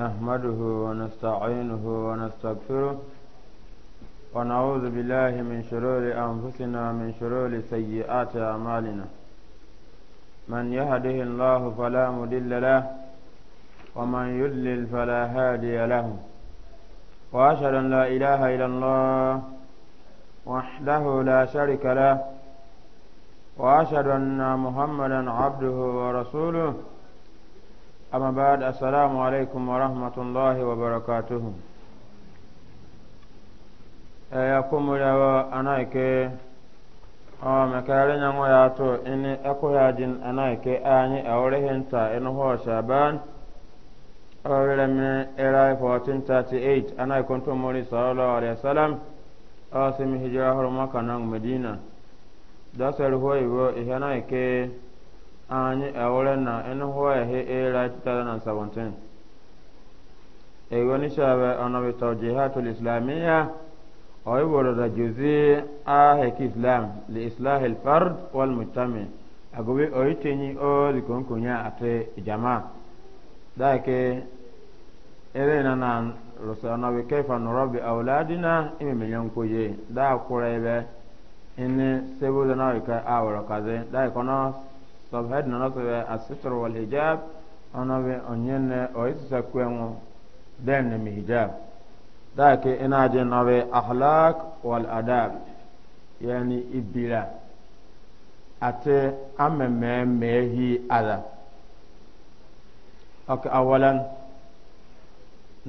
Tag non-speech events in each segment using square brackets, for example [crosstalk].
نحمده ونستعينه ونستغفره ونعوذ بالله من شرور أنفسنا من شرور سيئات أعمالنا من يهده الله فلا مدل له ومن يدلل فلا هادي له وأشهد أن لا إله إلا الله وحده لا شرك له وأشهد أن محمدا عبده ورسوله أما بعد السلام عليكم ورحمة الله وبركاته يقوم لوا أنايك أو مكالين ياتو إني أكو ياجن أنايك آني أولهن تا إن هو شابان أولا من إلى 1438 أنا كنت مولي صلى الله عليه وسلم أو سمي هجرة هرمك مدينة دسل هو يبو إهنايك إيه anyị ewere na enuhua ehe era chitara na 17 ewe nishabe ọnọbịta jihatul islamiyya oiboro da juzi aheki islam li islah alfard wal mujtami agobe oitenyi o likonkonya ate jama dake ere na na rusanawe kaifa nurabi auladina ime milyon koye da kura ebe ini sebo da na wika awara kaze da ikonos subhead na nɔsɛ bɛ asitr wal hijab ɔnɔ bɛ ɔnyin nɛ ɔyisisa kuɛŋo dɛn nɛ mi hijab daake ina je nɔ bɛ ahlak wal adab yani ibira ate amɛmɛ ala ɔkɛ awalan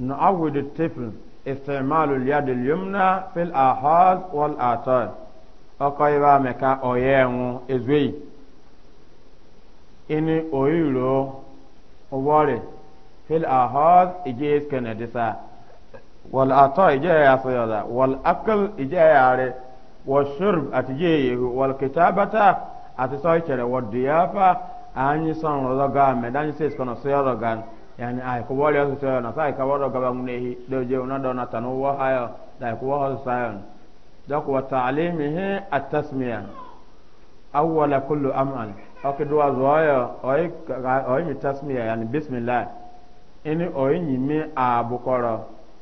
نعود الطفل استعمال اليد اليمنى في الآحاد والآثار أقايبا مكا أويانو إزوي ini oyiro wore fil ahad ije iskene disa wal ato ije ya soyoda wal akal ije yare wal shurb ati je yehu wal kitabata ati soy chere wal diyafa anyi son rodo ga me danyi se iskono soyoda gan yani ay ko wole so soyoda na sai ka wodo gaba munehi doje una dona tanu wa hayo da ko wa so sayon dako wa ta'limihi at-tasmiya awwala kullu am'al ọkịdụwa zụọ ya oyi mitasmiya ya ni bismillah ini oyi nyime abukọrọ ah,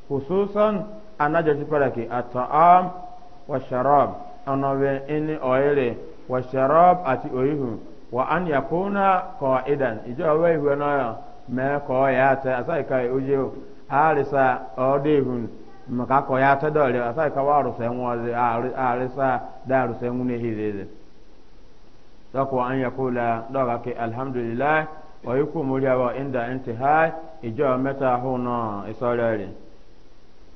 hususan anajoji paraki ata'am wa sharab ọnọbe ini oyire wa sharab ati oyihu wa an yakuna qa'idan ijo awe ihu na ya me ko ya ta asai kai oje o arisa ode ihu maka ko ya ta dole asai ka waru se nwoze arisa da arisa nwune hizeze dako an yakula doga ke alhamdulillah wa yuku muriya wa inda intihai ijo meta hono isorari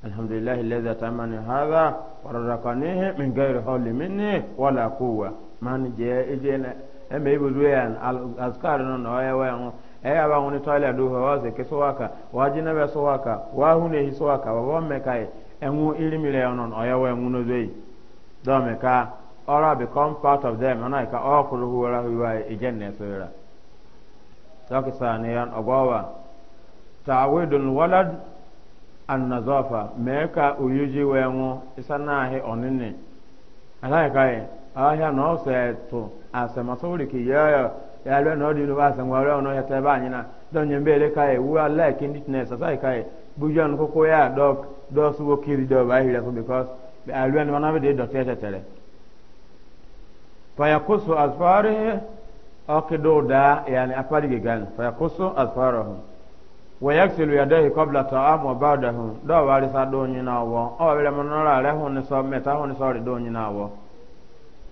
alhamdulillah alladhi tamani hadha wa razaqanihi min ghairi hawli minni wala quwwa man je ije na eme ibudu yan azkar no no ya wa eya ba ngoni toilet do wa ze ke soaka wa jina be wa hune hi soaka wa bomme kai enwu ilimile onon oya wa ngunu zei do me ka ora become part of them ana ka o kulu huwa huwa ijanna sura saka saniyan agwawa ta'awidul walad an nazafa mee ka uyuji wenwu isana na ose to asemasori ki ya ya le no di no asengwa bujan ya dok dosuwo kiri do ba hira because fayakusu asfarihi akido da yani aparige gan fayakusu asfarahu wa yaksilu yadayhi qabla ta'am wa ba'dahu do wari sa do nyina wo o wele monora re hun so meta hun so ri do nyina wo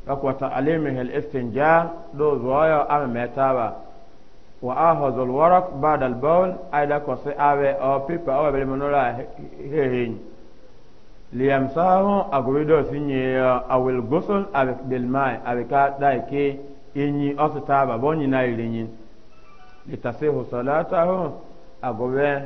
akwa ta'alimihi al-istinja do zoya am metawa wa akhadhu al-waraq ba'da al-bawl aida ko se awe o pipa o wele monora hehin he, he. liyamsahu agobido sinye awil gusl abik bilmai abika daike inyi osita babo nyina irinyi litasihu salatahu agobe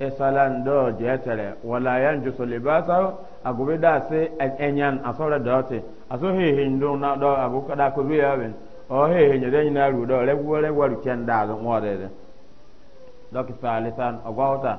esalan do jetere wala yanjusu libasahu agobe da se enyan asore dote aso hehe ndo na do agoka da ko biya ben o hehe nyede nyina ruru do legwo dokita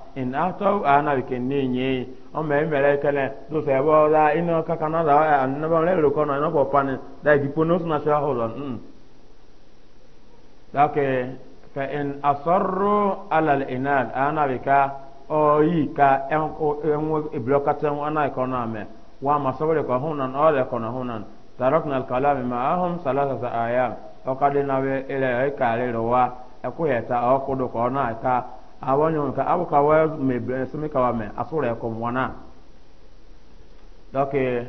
in ana wike ne nye on me mere kele do se bo da ino kaka na da an ba le ro kono no bo pan da di pono na sha holon mm da ke fa in asarru ala al ana ah, wika o oh, yi ka en ko en wo e blokata ana e ko na me wa ma sabore ko hunan o le kono hunan tarakna al kalam ma'ahum salasata ayam o kadina we ila e ay kale ro wa e ku heta o kudu ko na ka awa nyɔnu ka awo ka wa me simi ka wa me asura yɛ kɔm wana dɔke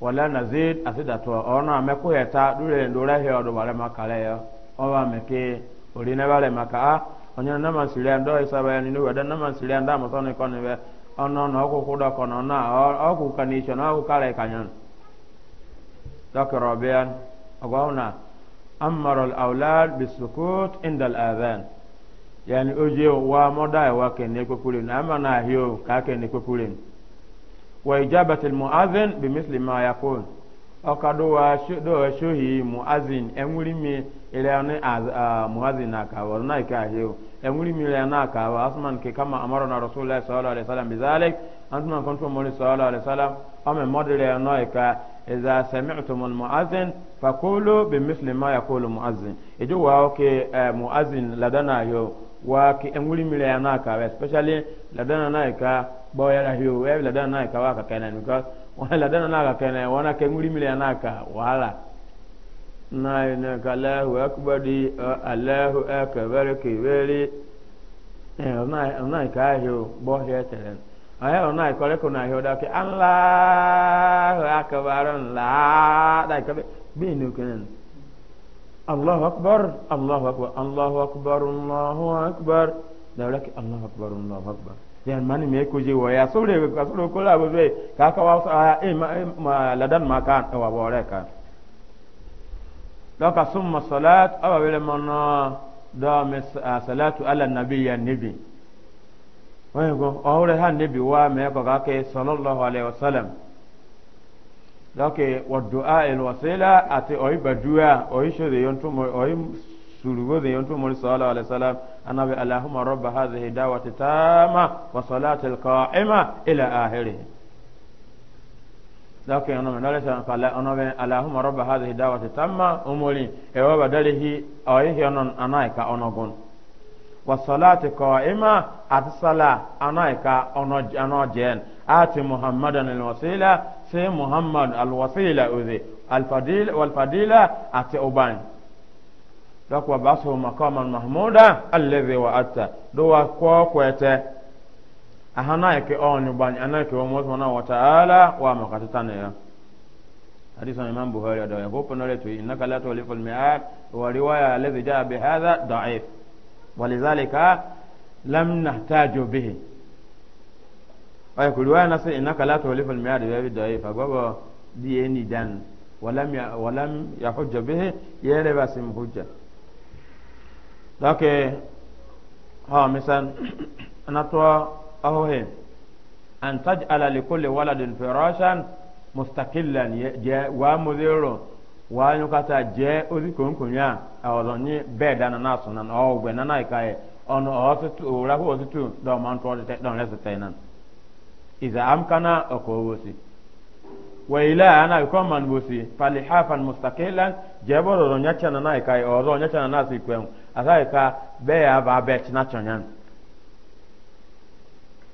wala na ze ase datɔ ɔna mɛ ko yɛ ta du le do la hɛ ɔdo wale ma ka yɛ ɔba mɛ ke ori ne ba lɛ ma ka a ɔnyɛ na ma siri yan dɔw saba yɛ ninu wɛdɛ na ma siri yan dama sɔni kɔni bɛ ɔnɔ na dɔ na ɔku ka ni na ɔku ka lɛ ka nyɔnu dɔke rɔbia ɔgɔwuna yani oje wa moda wa kene kwekule na ama na hiyo ka kene kwekule wa ijabati almuadhin bimithli ma yakun okado wa do shohi muadhin emuri mi ile ne muadhin aka wa na ka hiyo emuri mi ile na ka wa asman ke kama amara na rasulullah sallallahu alaihi wasallam bizalik antuma kuntum muli sallallahu alaihi wasallam ame modele na ka إذا سمعتم المؤذن فقولوا بمثل ما يقول المؤذن إجوا أوكي مؤذن ladana يو wa ki enguri mire ya na ka especially ladana na ka ba ya la hiyo we ladana na ka wa ka kana ni ka wa ladana na ka kana wa na kenguri mire ya na ka wala na na ka Allahu akbar di Allahu akbar ki veri eh, na na ka hiyo bo ya telen aya na ka le ko na hiyo da ki Allahu akbar la da ka bi ni kenan الله أكبر الله أكبر الله أكبر الله أكبر دولك الله أكبر الله أكبر yan mani me ko je waya sore ka sore ko la bobe ka ka wa sa e ma ladan ma kan eh, wa bore kan doka summa salat aba bele mono da me ah, salatu ala nabiyya nabi wayo go awre han nabi wa me ko ka ke sallallahu alaihi wasallam lọ́kẹ́ wọ̀dùá ìlwọ̀sílá àti ọ̀yìnbàdúrà ọ̀yìnṣẹ́dẹ̀ ọ̀yìnṣùrùgbọ́dẹ̀ yọ̀ntúnmọ̀rí sọ́ọ́lá alẹ́sálám anábì aláhùmá rọ́bà ha zèhì dáwà ti táàmà wàsọ́lá ti kọ́ ẹ̀mà ilẹ̀ àhẹ́rì. lọ́kẹ́ ọ̀nàmì lọ́lẹ́sẹ̀ ọ̀nàmì aláhùmá rọ́bà ha zèhì ti táàmà ọmọlì ẹ̀wọ́ bàdálẹ̀ hi ọ̀yìnhì ọ̀nàn anáìka ọ̀nàgùn wàsọ́lá sai muhammad alwasila uze walfadila a ta'uban dakwa ba su makaman mahmuda allazi wa atta dowa ko kwete a hana yake on ban ana ke wa mutuna wa ta'ala wa makatata ne hadith imam buhari da ya gofa nare to innaka la tulifu al mi'ad wa riwaya allazi jaa bi hadha da'if ولذلك لم نحتاج به ay ku riwaya nasa innaka la tulifu al-mi'ad e wa bi da'if agwabo di eni dan walam ya walam ya hujja bihi yere basim hujja dake ha misan [clears throat] anatwa ahohe an taj'ala li kulli waladin firashan mustaqillan wa mudhiru wa nyukata je ozikonkonya awodonye beda na naso na ogbe na naikae ono otitu ora ko otitu do man to de don lesa tainan iza amkana okowosi wa ila ana ko man bosi palihafan mustaqilan jeboro ronya chana na kai oro ronya chana na sikwem asai ka be ya ba be china chonyan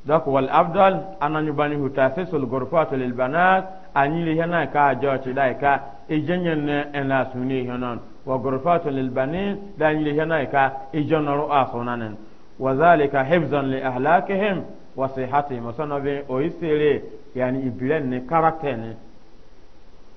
dak wal afdal ananyu bani hutasisul ghurfatu lil banat anyili hena ka jochi dai ka ijenyen ne ena suni honon wa ghurfatu lil banin da anyili hena ka ijonoru asunanen wa zalika hifzan li ahlakihim wasihati musonobi oyisere yani ibilen ni karakter ni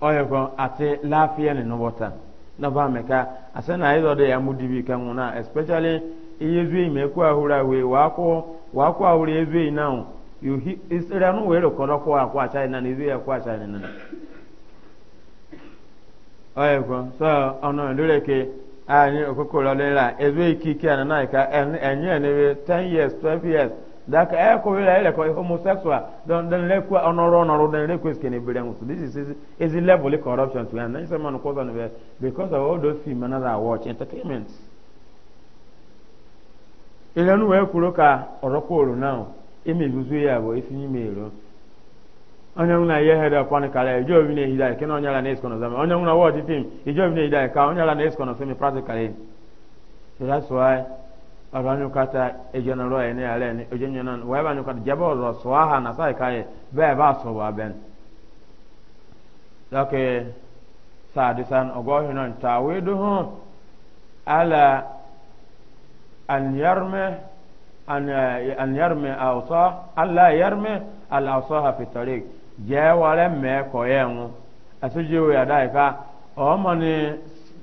oyego ati lafiya ni nubota na ba meka ase na ayi de ya mudibi kan una especially iye zuyi me ku ahura we wa ko wa ko ahura ezuyi na you isere no we rekodo ko akwa chai na ni zuyi akwa chai na oyego so ono ndure ke ani okokoro lera ezuyi kiki ana na ka enye enye 10 years 12 years dak e eh, ko wele ele ko homosexual don don le ko onoro onoro don le ko skene bere musu this is ezi level of corruption to and nice man ko don because of all those film and that watch entertainment ile nu we kuro ka oroko oro now emi zuzu ya bo ifinyi mero onye nwụ na ihe hedọ pọn kara ije obi na ehida ke na onye ala na-esikọ n'ọzọ onye nwụ na watch fim ije obi na ehida ka onye ala na-esikọ n'ọsọ mi practically so that's why abanyo kata ejona ro ene ale ne nan wa abanyo kata jabo ro swaha na sai kai be ba so ba ben lake sadisan ogo hinon tawiduhu ala an yarme an an yarme awsa alla yarme al awsaha fi tariq je wale me ko yenu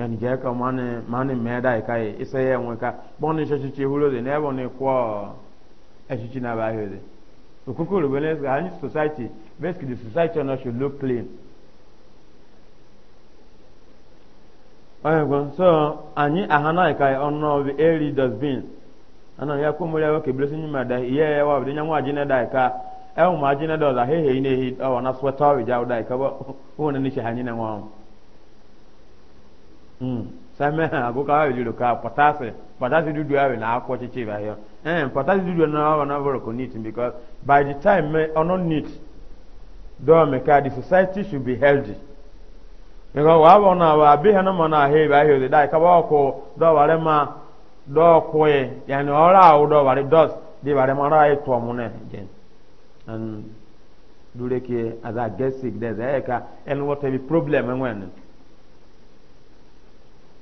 yani je ka mane mane me da isa e ye e mu ka boni shi hụrụ hulo de ne boni kwa e shi na ba hede so kuku rubele ga any society basically the society no should look clean ayego so anyị na e ka ọnụ bi eri dustbin ana ya ko mure wa ke blesi nyima da ye ya wa bi ka e na ajine da da hehe ine hi o na sweater wi ja da ka bo wona [laughs] ni shi hanyi na nwa Hmm. sɛmɛ agogo awo yɛlɛ ka pɔtase pɔtase dudu awo na akɔ tsitsi ba yɛ ɛn eh, pɔtase dudu na awo na bɔrɔ ko neat because by the time mɛ ɔno neat dɔɔ mi ka the society should be healthy because waa bɔ na wa abe na ahe ba ahe o de da ɔkɔ dɔɔ ma dɔɔ kɔɛ yanni ɔra awo dɔɔ wale dɔs de wale ma ɔra tɔ nɛ and dure as i get sick there ka ɛnu bi problem eh,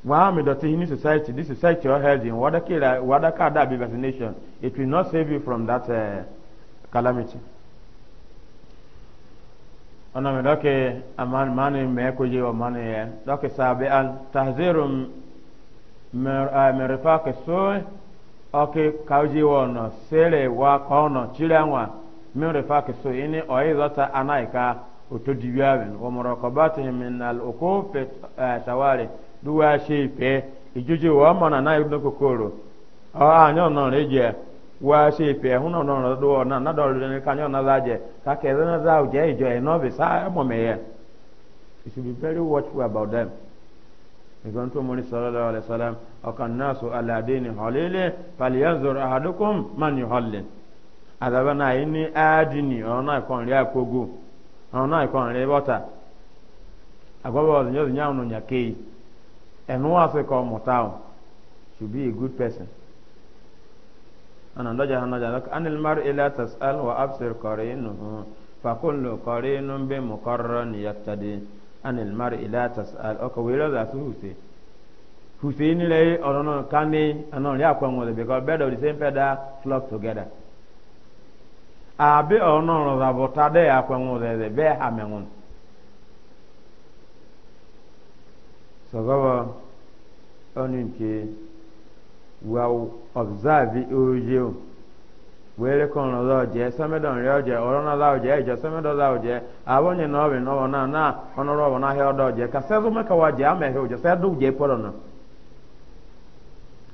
Muhammad Dotti in society, this is sexual hygiene. Wadaka be vaccination. It will not save you from that uh, calamity. Ana mi doke aman mani me ko je o mani ye doke uh, so oke kauji wo no sele wa kono chiranwa merifa ke so ini o izota anaika otodiwiawen duwa shi fe ijuji wa mana na ibnu kokoro e, na na do le ka anyo na ka na za uje ijo e no be sa mo me you should be very watchful about them ìgbọ́n tó mọ́ni sọ́lọ́lọ́ ọ̀lẹ́sọ́lá ọ̀kan náà sọ aládé ni àdókòm àdàbà náà yìí ní áàdì ọ̀rọ̀ náà kàn rí ọ̀rọ̀ náà kàn rí bọ́tà and who has To be a good person ana ndaja hanaja lak anil mar'i la tas'al wa absir qarinuhu fa kullu qarinun bi muqarran yaktadi anil mar'i la tas'al o ko wira su huse huse ni le orono kani ana ri akwa ngode because bed of the same feather flock together abi orono ro da botade akwa ngode be ha mengun sọgọbọ ọnụ nke wa observe oje o were kọrọ lọ jẹ sọmẹdọ nrẹ ọjẹ ọrọ náà láwọ eji ẹjọ sọmẹdọ láwọ jẹ na yẹn na ọbẹ náà náà náà ọnọrọ ọdọ wa ama ẹhẹ ọjẹ sẹ ụjọ jẹ pọrọ nà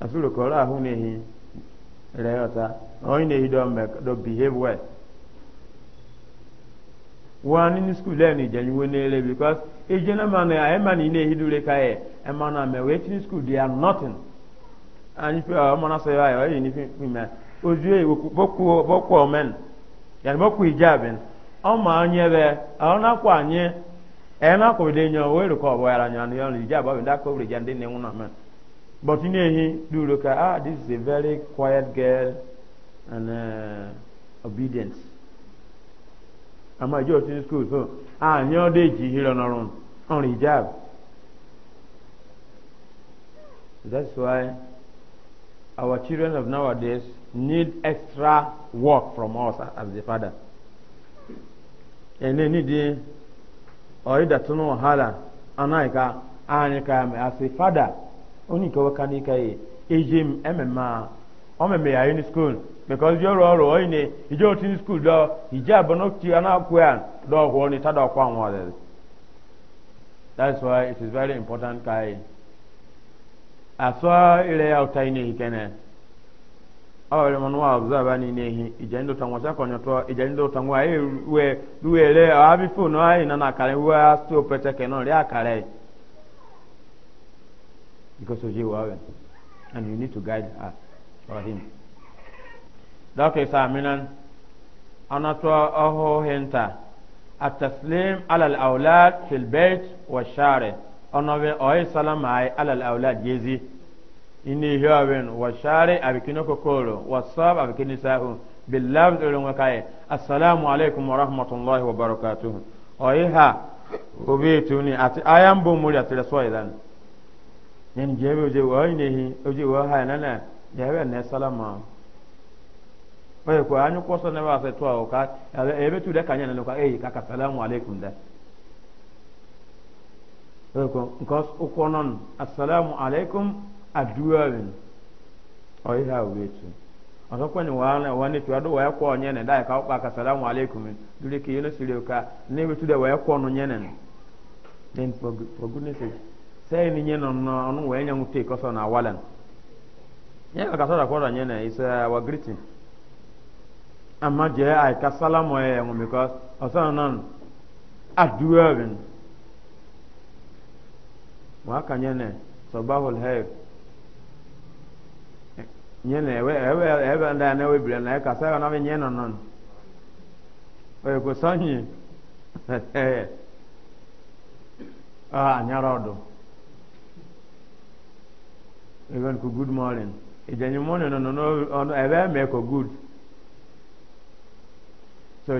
àfihàn kọrọ ahụ ehi rẹ ọta na ehi dọ dọ behave wani ni skul ya ni janyu wani ele because ejena mana ya ema ni ne hidure ka ye ema na me wait ni skul nothing ani pe o ah, mo na so ya ya eh, ni fi oju e boku omen ya boku ijaben ma anye be ah, eh, na kwa anye e na ko de nyo ya ni ne ehi ka ah this is a very eh, ama ije otin skul so anyị ọ dị hiri ọnọrọ ọrụ hijab that's why our children of nowadays need extra work from us as the father ene ni di ọyịda tụnụ ọhala anyị ka as a father onye nke nwoke anyị ka eji m ememme ọmọ mẹ yàrá ní skul because yóò rọ ọrọ ọyìn ní ìjọ tí ní skul dọ ìjẹ àbọnọkì anáàkú ẹ dọ ní tádà ọkọ àwọn ọdẹ that's why it is very important kai asọ ilẹ̀ yà ọ̀tá iné ìkẹ́nẹ̀ ọ̀rọ̀ rẹ̀ mọ̀nú wa ọ̀bùzọ̀ bá ní iné ìjẹ́ ní dọ̀tàn wọ́n sẹ́kọ̀ nyọ̀tọ̀ ìjẹ́ ní dọ̀tàn wọ́n ayé wẹ̀ wẹ̀ lẹ̀ ọ̀hábí because of you are and you need to guide her rahim dɔki saaminan ana tɔ ɔho hinta التسليم على الأولاد في البيت والشارع أنا بين أي سلام على الأولاد جيزي إني هاوين والشارع أبكينو كوكولو والصاب أبكيني ساهو باللفظ الوكاية السلام عليكم ورحمة الله وبركاته أي ها وبيتوني أتي أيام بومولي أتي لسوي ذن يعني جيبي وجيبي وهي نهي وجيبي وهي نانا yɛbɛ nɛ salama oye ko anyu kɔsɔ ne b'a fɛ to awɔ ka ebe tu dɛ ka ɲɛ nɛnɛ ko ee k'a ka salamu aleykum dɛ oye ko nka o kɔnɔn asalamu aleykum a duwɛrin ha o bɛ tu ɔsɔ kɔni waana wani tu ado wɔyɛ kɔɔ ɲɛ da ka salamu aleykum duli k'i yɛlɛ siri o ka ne bɛ tu dɛ wɔyɛ ɲɛ for sɛyi ni ɲɛ nɔ nɔ ɔnu wɔyɛ ɲɛ na nye ka kasara kwara nye na uh, isa wa greeting amma je ai ka salamo e ngo mi ko asana nan aduwa bin wa ka nye ne sabahul hayr nye ne we ewe ewe nda na we bire na ka sa na me nye no non o ko sanyi ah [laughs] nyara odo even ku good morning ìjẹnyìmọ́nì nínú ọ̀nà mẹ́kọ̀ so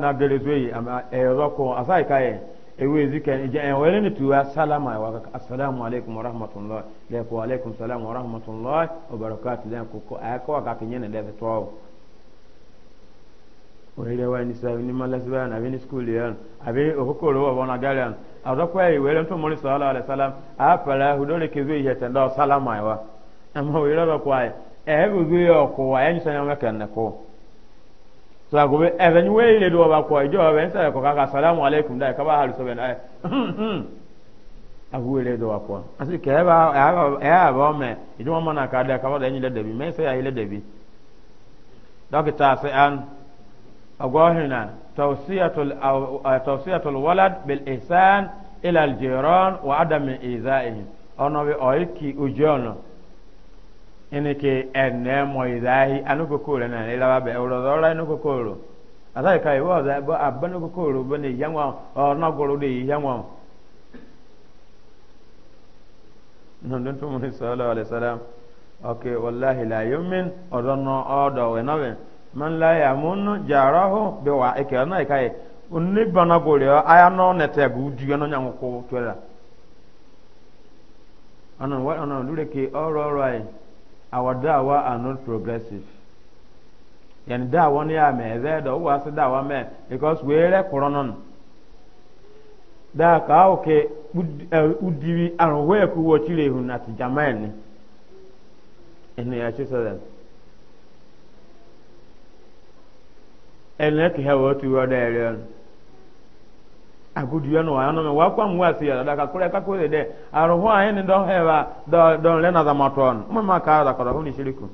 na tó yìí ẹ̀rọ̀kọ̀ asáìka yẹ ewu ezike ìjẹ ni tuwa sálámà wa asalaamu alaykum wa rahmatulah lẹ́kọ̀ alaykum salaam wa rahmatulah wa barakatu lẹ́kọ̀ kọ́ ẹ̀kọ́ wa kàkì yẹn lẹ́sẹ̀ tọ́ ọ. oyire wa ni sábà ni malasi àbí ni skul amma wai raba kwai eh bu zu yo ko wa yan sanan maka na ko to a gobe eh zan wai le do ba ko jo ben sai ko kaka assalamu alaikum dai ka ba halu so ben ai a hu le do ko asu ke ba ya ba me idu mo na ka da ka ba da yin le da bi men sai ai le da bi dokita sai an agohina tawsiyatul tawsiyatul walad bil ihsan ila al jiran wa adam izaihi ono bi oiki ujono ini ke ene moidahi anukokoro na ni laba be ọrụ ora anukokoro asa ka iwo za bo abanu kokoro bo ne yanwa o na goro de yanwa non don tumu sallallahu alaihi wasallam okay wallahi la yumin odono odo we nawe man la jarahu bi wa ike na kai unni bana aya no bu no nyanwo ko twela ana wa ana our dawa are not progressive yani dawa ni ya me ze do wa se dawa me because we re koronon da ka oke eh, udiwi arun we ku wo chire hu na ti jamani ene ya chi sada ene ki ha otu tu wa da ere agudiya no ayano me wakwa mwasi ya da kakule kakule de aroho ayene ndo hewa do do lena za maton mama ka da kora huni shiriku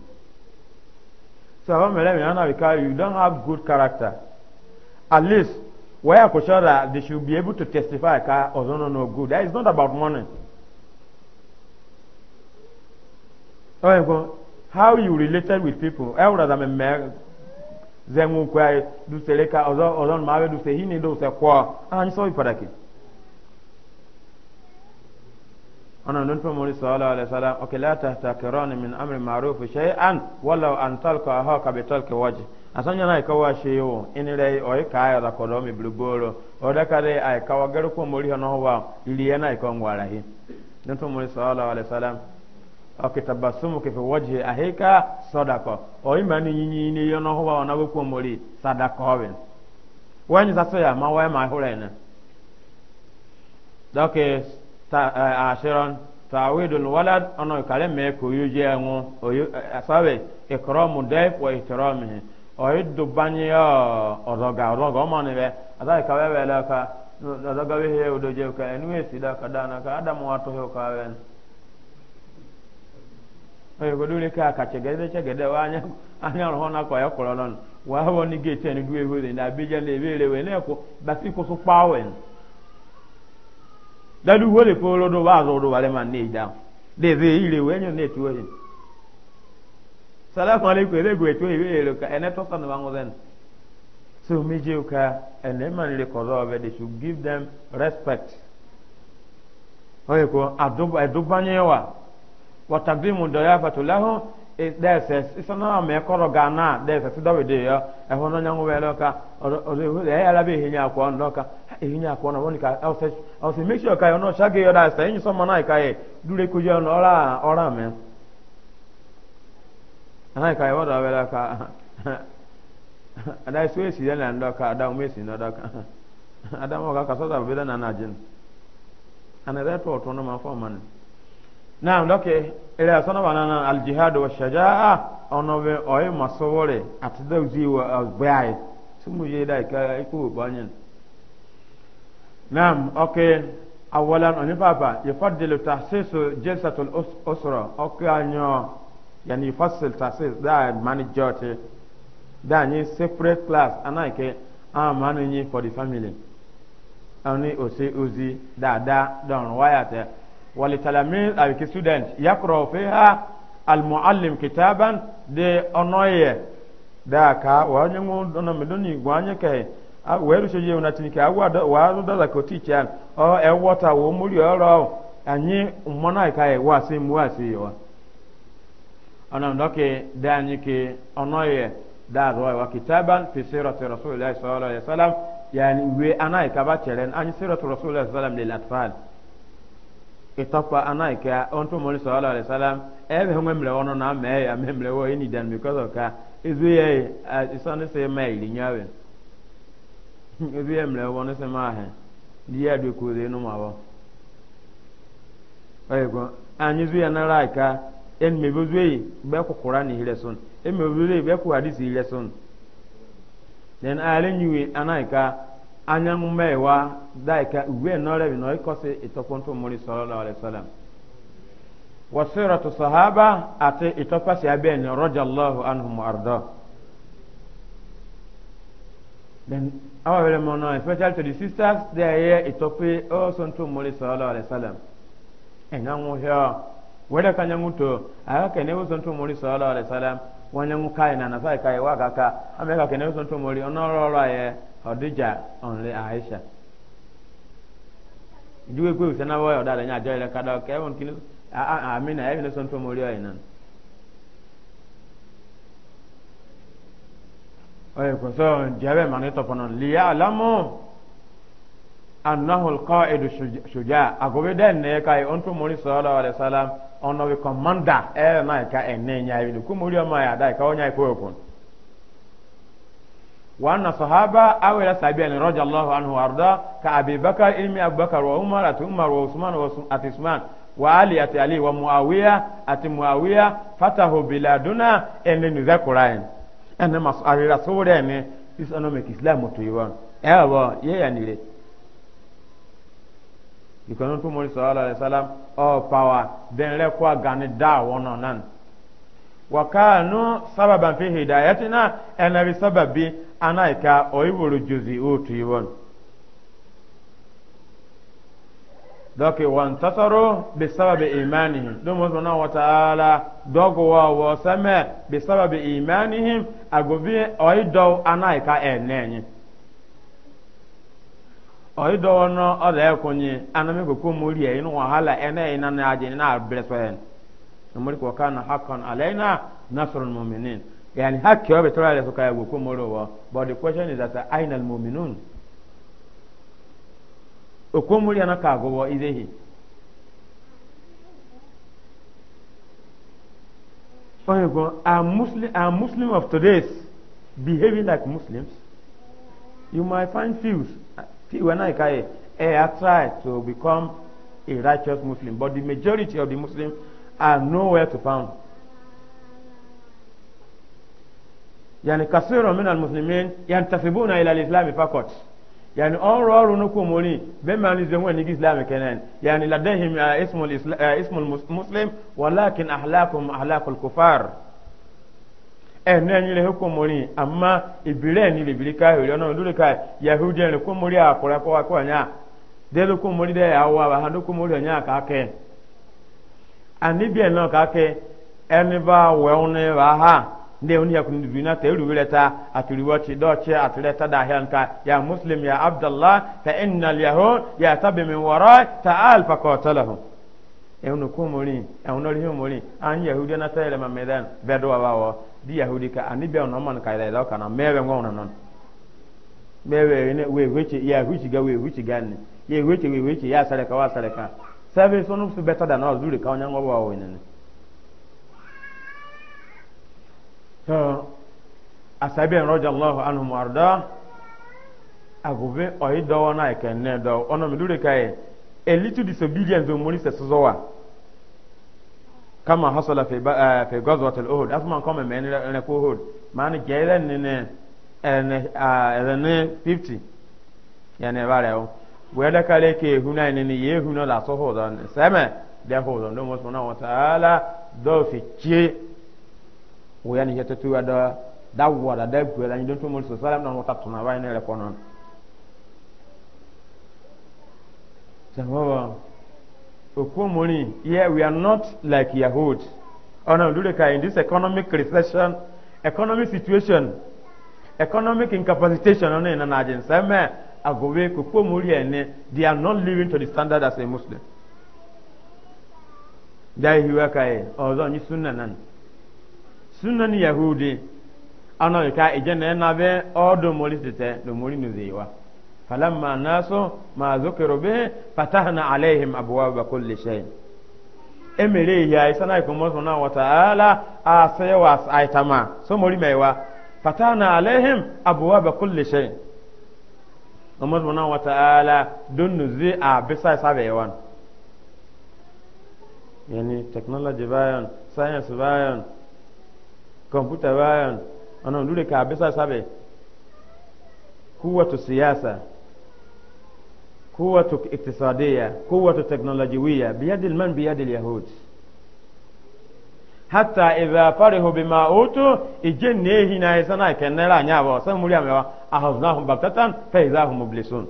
so ba mele me ana because you don't have good character at least where ko shora they should be able to testify ka ozono no good that is not about money oh how you related with people elra da me zengu kwa du seleka ozo ozo mawe du sehini do se kwa anyi so ipadaki ana nun fa mori sallallahu alaihi wasallam okay la tahtakiran min amri ma'ruf shay'an walau an talqa ha ka bi talqi waji asanya na ikawa sheyo inire oy kaya da kodo mi bluboro oda kare ay kawa garu ko mori hono wa iliye na ikon warahi nun fa mori sallallahu alaihi wasallam okitabasumuke fi wajhi ahika sodako o imani nyinyi ni yono huwa wanabuku muri sadakowin wenyi saso ya ma ma mawe mahulene doke ta, uh, ashiron tawidul walad ono kale oyi ko yuje ngo asabe e, e, ikramu dayf wa ihtiramihi o yiddu banya odoga odoga o manibe adai kawe bela ka odoga we he odoje ka enwe sida kadana ka adamu watu he ka wen ebodule ka ka chegede chegede wa anya anya ro na ko ya koro non wa ho ni gate ni duwe ho na beja le bere we ne ko basi ko so pawen dadu ho le ko lo do wa zo do wale man ni da de ve ile we nyo ne tuwe salamu alaykum ele gwe tuwe ile lo ka ene to san wa ngozen so mi je ka ene man le ko zo we they should give them respect oye ko aduba adubanye wa وتقديم ضيافة له dɛsɛ sisana mɛ kɔrɔ gana dɛsɛ ti dɔbi de yɔ ɛfɔ nɔ nyɔngu wɛlɛ ka ɛ ala bɛ ehinya kɔ ndɔ ka ehinya kɔ na wɔni ka ɔsɛ ɔsɛ make sure ka yɔ nɔ sage yɔ da sɛ enyi sɔmɔ n'ayi ka yɛ dure ko yɔ nɔ ɔra ɔra mɛ anayi ka yɛ wɔdɔ wɛlɛ ka ada so esi yɛ na ndɔ ka ada mo esi na ndɔ ka ada mo ka kasɔ da bi da na na jin ana yɛ tɔ tɔ no ma fɔ ma ni. naam loke ila sana bana na al jihad wa shaja'a ono be oy masowore at dawzi wa uh, bai sumu je dai ka iku banyan naam okay awalan oni baba yafaddilu tahsisu jalsatul usra okay anyo yani yafassil tahsis da manager da ni separate class ana anaike a mani ni for the family ani osi ozi da da don waya te ولتلاميذ أو كستودنت يقرأ فيها المعلم كتابا دي أنوية داكا وانيمو دونا مدوني وانيكي wẹ́rù ṣe yé wọn àti nìkẹ́ wàá dọ́là kò tí kyẹn ọ ẹ wọ́ta wọ́n múlò ọ̀rọ̀ ẹ̀yìn mọ́nà ìka ẹ̀ wá sí mú àti wa. ọ̀nà ndọ́kì dáhìn kì ọ̀nà yẹ dáàdọ̀ ẹ̀ wá kìtàbà fèsì rọ̀tì rọ̀sùlù ẹ̀ sọ̀rọ̀ ẹ̀ sálàm yẹn ìwé aná ìka bá tẹ̀lé ẹ̀yìn sí rọ̀tì rọ̀sùlù ẹ̀ sálàm lè làtfàlì. itọkpa anaghịkị ọntụ mmiri sọlọ ebe ọnụ na mee ya [laughs] memere wo enyi dan because ka ezu ya isọni sị ma ezu ya ma ndị ya dị kuzi enu ma anyị zu ya nara aka emebi ozu eyi bụ ekwukwura na ihire son emebi ozu eyi hadisi then anyanwụ mmewa daika uwe nọrọ bi na ịkọsị ịtọpọntụ mmiri sọrọ lọrọ sọlọm wasiratu sahaba ati ịtọpasị abịa ni rọja allahu anhu mu ardọ then awa wele mọ nọ especially to the sisters there yẹ ịtọpị ọsọntụ mmiri sọrọ lọrọ sọlọm ẹnyanwụ hịọ wẹrẹ ka nyanwụ to ayọ kẹ n'ewu sọntụ mmiri sọrọ lọrọ sọlọm wọn nyanwụ kaị na nasa kaị wa kaka amị ka kẹ n'ewu sọntụ mmiri ọ nọrọ ọrụ ayẹ. ọdịja ọnụlị aisha juwe kwe usa na waya ọdala nya ajọ ile kada ka ebon kinu amina ebi na sonto mori oyi nan oye ko so jabe mani topono liya alamu annahu alqaid shuja agobe den ne kai onto mori sallallahu alaihi wasallam ono wi commander e na ka enne nya ibi ku mori o ma ya dai ka onya ko okun وأن الصحابة أولى سبيل رضي الله عنه وأرضاه كأبي بكر إلمي أبي بكر وعمر أتي عمر وعثمان أتي عثمان وعلي أتي علي ومعاوية أتي معاوية فتحوا بلادنا إن نذكرين أنا مسألة رسول يعني إسلامك إسلام متويبان أيوة يعني ليه ìkànnì tó mọ̀rí sọ̀rọ̀ alẹ́ sálám ọ̀pàwà dẹ́nrẹ́kọ́ àgànnì dá àwọn náà náà wàkàánú sábàbà fi hìdáyàtì náà ẹnẹ́rì sábàbí anaika oiburu juzi utu ibon doki wantasaru bisababi imanihim dumu subhanahu wa ta'ala dogo wa wasame bisababi imanihim agobi oido anaika enenyi oido wono oda ekunyi anami koko muri e inu wahala ene ina na ajini na abresoen numuri kwa kana haqqan alaina nasrul mu'minin yani hakki obe tora le suka ya koko muri wa But the question is that uh, aina al-mu'minun. Okomuri anaka gobo idehi. Oh, you go, are Muslim, are Muslim of today's behaving like Muslims? You might find few, few when I say, hey, eh, I try to become a righteous Muslim, but the majority of the Muslims are nowhere to found. yani kasiro min almuslimin yantasibuna ila alislami fakot yani ọrụ ọrụ nnukwu omori bema n'izu enwe n'igi islam kenen yani ladehim uh, ismul, isla, uh, ismul muslim walakin ahlakum ahlakul kufar ẹnu ẹni lè kó mori àmà ìbílẹ̀ ẹni lè bìrì ká ìrìn ọ̀nà lórí ká yahudi ẹni kó mori àkùrẹ́kọ́ wa kọ́ ọ̀nyá délé mori dẹ́ àwọ̀ àbáhà ló kó mori ọ̀nyá kàákẹ́ àníbi ẹ̀ náà kàákẹ́ ẹni bá wẹ̀ ọ́n ní hà nde woni yakun dubina ta yuru wireta aturi wati a atreta da hanka ya muslim ya abdullah fa innal yahud ya tabi min wara ta'al fa qatalahum e wono ko mori e wono ri mori an yahudi na ta yele mamedan bedo wa bawo di yahudi ka ani be ono man ka ida da kana mewe ngona non mewe ne we weche ya huchi ga we huchi gani ye weche we weche ya sare ka wa sare ka sabe sonu su beta da na zuri ka onyango wa wo ne so asabi radiyallahu anhum warda agube oyi dowo na ikenne do ono mi dure kai a disobedience do mori se sozowa kama hasala fi uh, fi ghazwat al-uhud asman kama men ne ko uhud man jailan ne ne ne 50 yani bare o ke huna ne ne ye huna la so ho don na de ho don do fi wuyani yete tuwa da dawwa da dawwa da nyidon tumul sallam na wata tuna wa ne rekonon sabawa okumuni yeah we are not like yahud oh no dule in this economic recession economic situation economic incapacitation ono oh, ina na ajin seme eh, agobe kokomuri ene eh, they are not living to the standard as a muslim dai hiwa kai ozo oh, ni sunna nan sunan yahudi ana ka ijana na be odo mori tete do mori no zewa falamma nasu ma zukiru be fatahna alaihim abwaaba kulli shay emere ya isana ko mo sona wa taala asewa aitama so mori mewa fatahna alaihim abwaaba kulli shay Umar subhanahu wa ta'ala don nuzi a bisa sabewan yani technology bayan science bayan computer bayan ana lule ka bisa sabe kuwatu siyasa kuwatu iktisadiya kuwatu teknolojiwiya biyadi man biyadi yahud hatta idha farihu bima utu ijennehi na na isana kenera nyabo sai muri amewa ahaznahum baktatan fa idahum mublisun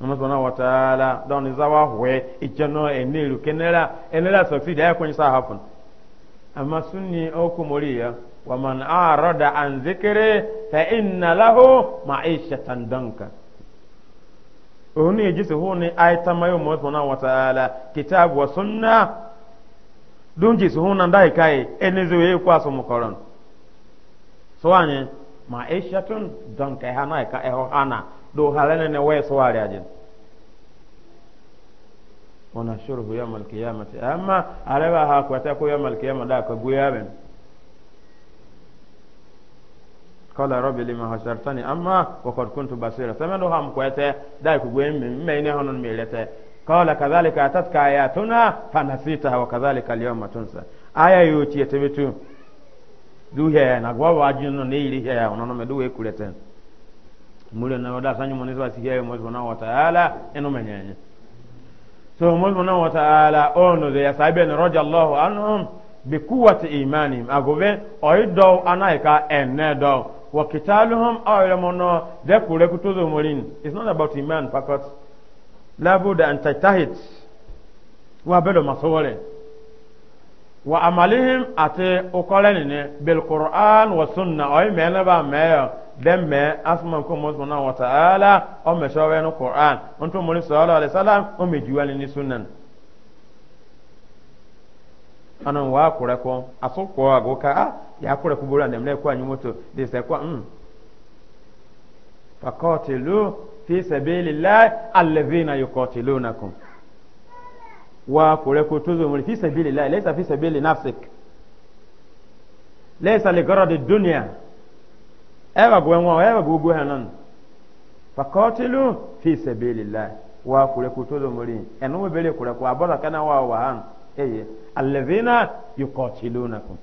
Allah subhanahu wa ta'ala don izawa hwe ijenno eniru kenera enera succeed ya kunyi sa happen amma sunni au kumuriya wa man arada an zikiri fa inna lahu ma'ishatan danka ohun ye jisi hu ni aita mayo mo sona wa ta'ala kitab wa sunna dun jisi hu nan dai kai enizo ye kwa so mukoron so anye ma'ishatan danka hana ka eho ana do halene ne we so ari ajin ونشره يوم القيامة أما على بها كوتاكو يوم القيامة دا كبويا قال ربي لما حشرتني أما وقد كنت بصيرا سمدوها مكوتة دا كبويا من مين هون ميلتة قال كذلك أتتك آياتنا فنسيتها وكذلك اليوم تنسى آية يوتي يتبتو duhe na gwa wajinu ne iri he ono no me duhe kuleten mule na wada sanyu monisa sihe mo subhanahu wa ta'ala eno menyenye so mulmuna wa ta'ala ono de yasabe ne roja Allahu anhum bi kuwati imani agobe oyi do anaika enne do wa kitaluhum awlamono de kure kutuzo murin it's not about iman fakat labuda an tajtahid wa bedo masowore wa amalihim ate okolene bil qur'an wa sunna oyi mena ba meyo den mɛ asuman ko mɔ sɔnna ta taala o mɛ sɔbɛ ni qur'an n tun mɔri salam o mɛ juwali ni sunan ana wa kure ko a so a ka a ah, ya kure ku bura nemle ko anyi moto de se ko mm faqatilu fi sabilillahi alladhina yuqatilunakum wa kure ko tuzo mɔri fi sabilillahi laysa fi sabili nafsik laysa li gharadi dunya ewa bwe ngwa ewa gugu hanan fakatilu fi sabilillah wa kure kutozo muri enu mebele kure kwa bora kana wa e wa han eye alladhina yuqatilunakum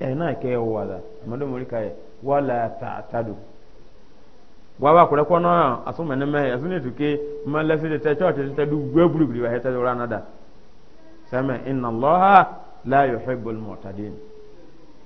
ena ke wala amadu muri kai wala ta'tadu wa wa kure kwa no asuma ne me asune tuke malasi de tacho te du gwebulu bi wa heta do ranada sama inna allaha la yuhibbul mu'tadin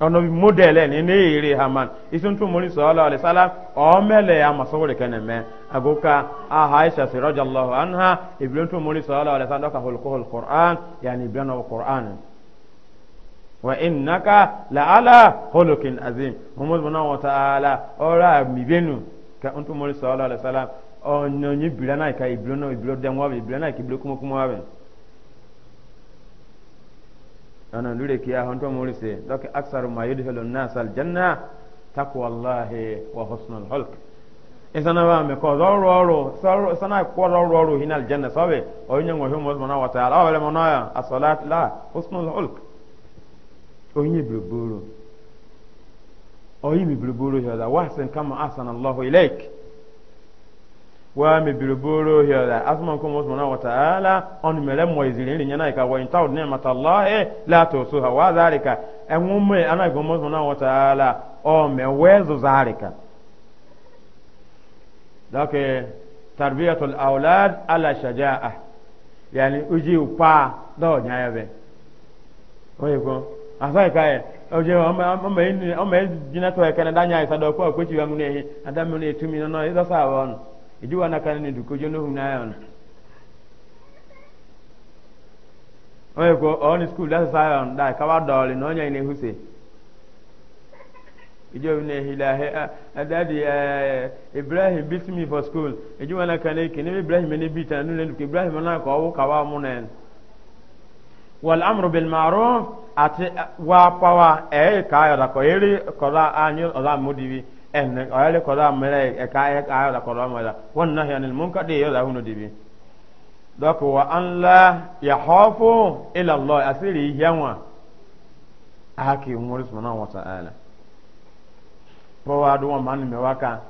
ono bi modele ni ne yire haman isun tu muri sallallahu alaihi wasallam o mele ya masawre kene me agoka a aisha radhiyallahu anha ibn tu muri sallallahu alaihi wasallam ka hulqul qur'an yani bana qur'an wa innaka la ala hulukin azim muhammad bin wa ta'ala ora mi benu ka untu muri sallallahu alaihi wasallam onyo ni bilana ka iblono iblo demwa iblo na ki iblo kuma kuma wa ana lure ki ahon to muri se dok aksaru ma yudhilu an-nas al-janna taqwallahi wa husnul hulk isana ba me ko do ro ro sana ko ro ro ro hinal janna sabe o yin ngo humo subhanahu wa ta'ala awale mona ya as-salat la husnul hulk o yin bilburu o yin bilburu ya da wahsan kama ahsana Allahu ilayk wa mi biriboro hiya asman kuma subhanahu wa ta'ala on mere mo izire ni yana ka wa intaud ni mata allah la to su wa zalika en umme ana ko mo subhanahu wa o me wezo zalika dake tarbiyatul aulad ala shaja'a yani uji upa do nyaebe oye ko asai oje o me o me jina to e kana danya isa do ko ko wa ne tumi no no isa sa wa iji wana kan ne duko jono huna yon oye ko on school that's zion da ka wa dole no nya ne huse iji ne hilahe adadi ibrahim beat me for school iji wana kan ne kini ibrahim ne beat anu ne duko ibrahim na ko wo ka wa mu ne wal amru bil ma'ruf ati wa pawa e eh, ka ya da ko eri ko da anyu ola mudivi en ayale ko da mele e ka e ka da e ko da mele wan nahi anil munkar de yo da hunu dibi wa an la yakhafu ila allah asiri yanwa aki umur subhanahu wa ta'ala po wa do wa man me waka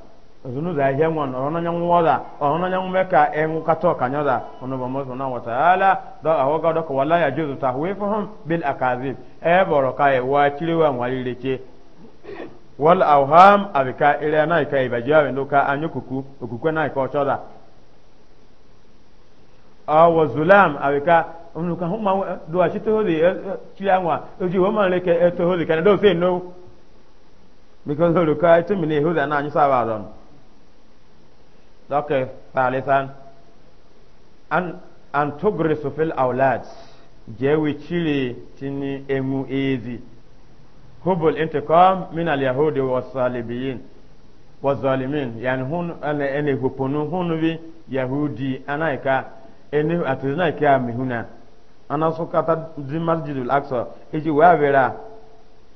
zunu za yanwa no no ono bo wa ta'ala do wala tahwifuhum bil akazib e boro kai e wa wal awham abika ile na ika ibajawe ndoka anyokuku okukwe na ika ochoda awo zulam abika onuka huma eh, eh, eh, do achito hodi chianwa oji wo manleke eto hodi kana do say no because oluka ito mini hodi na anyu sawa don doke thalithan an an tugrisu fil awlad jewi chili tini emu ezi حب الانتقام من اليهود والصليبيين والظالمين يعني هون أنا أنا هبونو هون في يهودي أنا إكا أنا أتزنا إكا مهونا أنا سكتا دي مسجد الأقصى إجي وابرا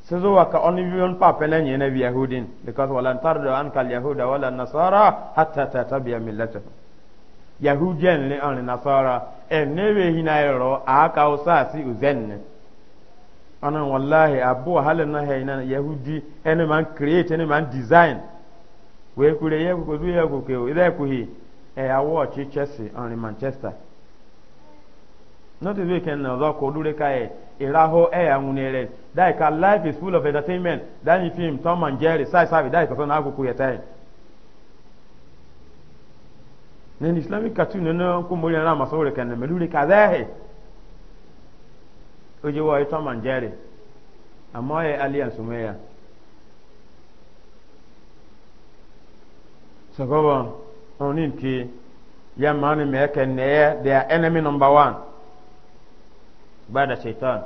سيزو وكا أني بيون بابا لن ينبي يهودين because ولن ترد عنك اليهود ولا النصارى حتى تتبع ملتهم يهودين لأن النصارى أنبي هنا يرو أكا وساسي أزنن ana wallahi abu halin na haina yahudi ene man create ene man design we kure ye ko du ye ko ke o ida ku hi e awo chi chelsea on manchester not the weekend na zo ko dure ka e iraho e ya ngunere dai ka life is full of entertainment dai film tom and jerry sai sai dai ko na ku ku yeta ne islamic cartoon ne ko mo ran ma so re kan me dure ka dai oje wa Tom and Jerry amma ya e aliyan su meya sagoba onin ki ya mani me ke ne their enemy number one ba da shaitan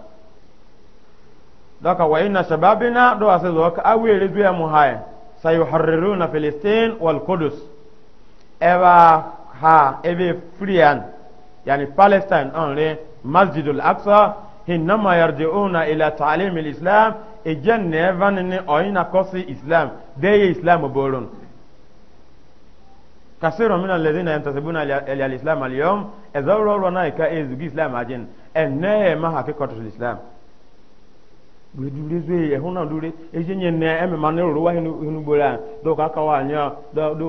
doka wa inna na do ase zo ka awere zuya mu haye sayuharriruna filistin wal qudus eba ha ebe frian yani palestine onre masjidul aqsa hinama yarji'una ila ta'lim al-islam ejen ne vanni oyina kosi islam deye islam borun kasiro min alladhina yantasibuna ila al-islam al-yawm ezawro rona ka ezugi islam ajin enne ma hakikatu al-islam gbedure zoe ehuna dure ejenye ne emema ne ruwa hinu bora do ka kawa anya do do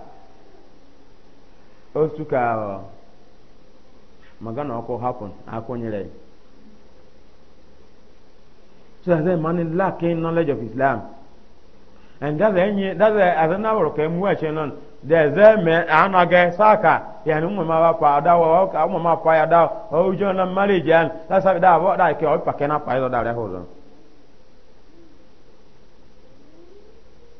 otu ka maga na ọkụ hapụ akwụnyere so that's a man lacking knowledge of islam and that's a nye that's a as an ka emu eche nọ there's a me anaghị saka ya na ụmụ mama pa ada wa ụmụ mama pa ya da ojo na marriage ya that's a da da ke ọ pa ke na pa da re hụrụ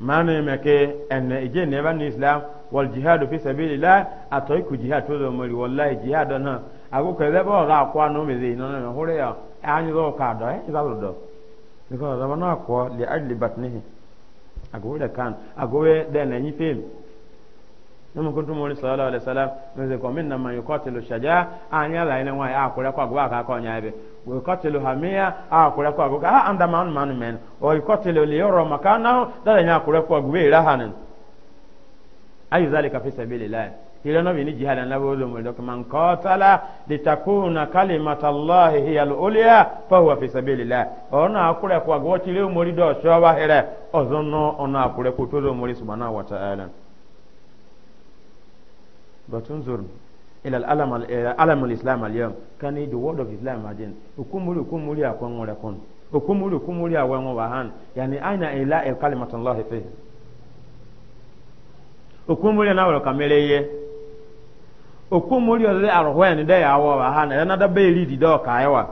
maana me ke enne ije ne ban islam wal jihadu fi sabilillah atoy ku jihad to mori wallahi jihad na ago ke le bo ra kwa no me zin no hore ya anyi do ka do e za do because da bana ko li da kan ago we na nyi film nama kuntu ka ويقتل همية آه كورا كوا كوا آه عند من من من ويقتل ليرى مكانه ده يعني كورا كوا كوا رهان أي ذلك في سبيل الله إلى نبي نجي هذا نقول من قاتل لتكون كلمة الله هي الأولياء فهو في سبيل الله أنا أقول لك وقوة لي مريد شوا هلا أظن أنا أقول لك تقول مريد سبحانه وتعالى بتنظر ila alamu islam aliyam kani the word of islam ajin ukumuri ukumuri akwan wore kon ukumuri ukumuri awan wa han yani aina ila el kalimatullah fi ukumuri na wore kamere ye ukumuri ole arho ni de ya wa han yana da be read do ka yawa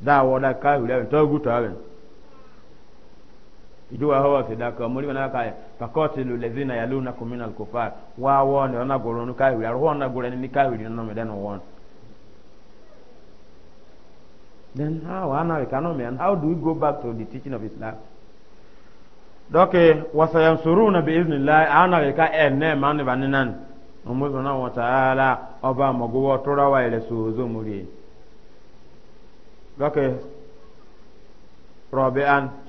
da woda ka hulawe to gutu awen iduwa hawa fi da ka muri na fakɔtilu lɛzina yaluna na kofa waa wɔɔni ɔna gɔrɔ nu kaawiri aru wɔɔna gɔrɔ ni kaawiri nɔ mi dɛnu wɔɔni. then how ana we cannot man how do we go back to the teaching of islam doke wasayansuruna bi iznillah ana we ka enne man ba ninan umu zona wa taala oba magowo tora wa ile suzo muri doke robe an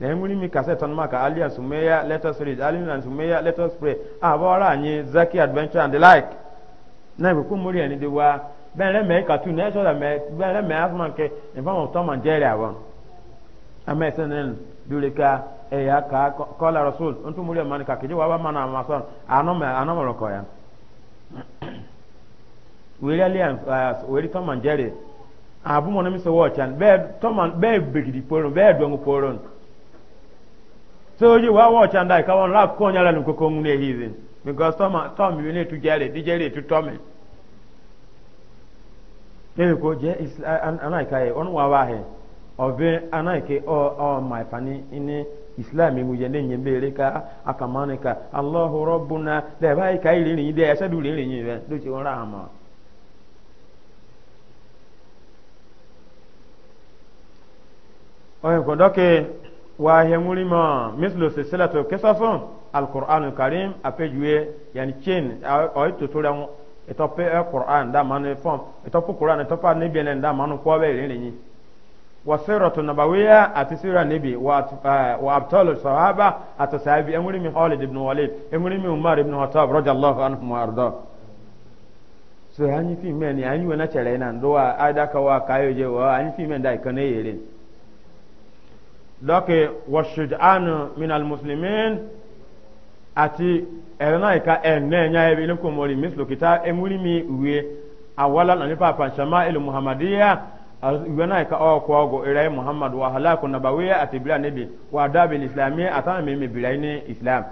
na enwere imi kaset maka alias umeya let us read alias umeya let us pray abọrọ anyị zaki adventure and the like na ebekwu mmiri anyị dịwa bẹ́ẹ̀rẹ̀ mẹ́ cartoon ẹ̀ sọ́dọ̀ mẹ́ bẹ́ẹ̀rẹ̀ mẹ́ asọ́mọ̀ nke in form of tom and jerry àwọn ama ẹsẹ̀ nínú lórí ká ẹ̀yà ká kọ́lá rasul ntú mmiri ọ̀ma ni kàkìjì wà wà má nà àmà sọ́n ànọ́mọ̀rọ̀ kọ̀ ya wẹ́rẹ́ alias wẹ́rẹ́ tom and jerry àbúmọ̀ ní mi sọ wọ́ọ̀chán bẹ́ẹ̀ tom and bẹ́ẹ̀ bègìdì pọ̀rọ̀ bẹ́ẹ̀ dọ̀ngù pọ̀rọ̀ nù. soji wa wo chanda ka won rap ko nyala nuko ko ngune hizi because uh, to ma to mi ne tu jare di jare tu to ko je an anai kai on wa wa he obe anai ke o oh, o oh, my pani ini eh, islam mu je ne nyembere ka akamane ka allah rabbuna da bai kai ri ni de asadu ri ni be do oye ko doke wahe murima mislu silsilatu kisasun alquran karim apejuwe yani chain oy tutura itope alquran da manu form itope quran itope ne benen da manu ko be rin yin wa siratu nabawiyya atisira nabi wa wa abtalu sahaba atasabi emurimi khalid ibn walid emurimi umar ibn khattab radiyallahu anhum wa arda so anyi fi men anyi wona chere na ndo ada kawa kayo je wa anyi fi men da ikane yeren dɔke washujanu min muslimin ati ɛrɛna yi ka ɛnɛ nya ye ilim komori mislo kita emuli mi uwe awala na nipa panchama ilu muhammadiya uwe na yi ka ɔɔ kɔɔgo irai muhammad wa halaku nabawiya ati bila nebi wa dabi islamiya ata mi mi bila ni islam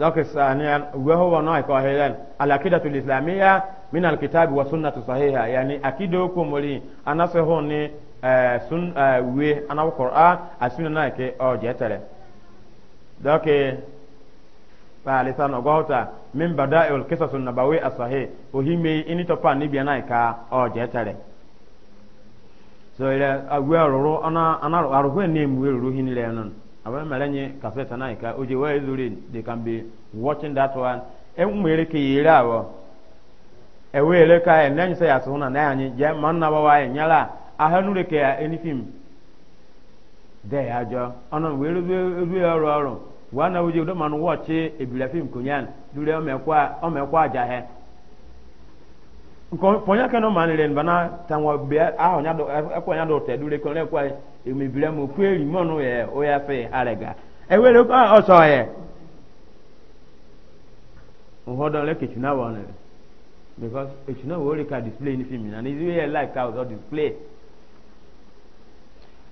dɔke saniya uwe ho wɔn na yi ka ɔhɛlɛn alakidatu islamiya min alkitabi wa tu sahiha yani akido komori anase ho ni Eh, sun eh, we ana a asuna na ke o jetere doke eh, palisa no gota min bada'il qisas an-nabawi as-sahih ohime ini to pan ni bi na ka so ile agwe aruru ana ana aruhu ni mu ruru hin le non abana malanye kaseta na ka oje wa izuri e they can be watching that one e nwere ke yire awo e we ka e nanyi ahanure ke ya anything de ya jo ono we ru ọrụ ọrụ wa na ụdọ do wọchị watch fim film kunyan dure omekwa omekwa ajahe nko ponya ke no man le bana tanwa be a ah, eh, onya do ekwa nya do te dure ko le kwa mo pe ri mo no ye o ya fe arega e we ye le wa ne because ka display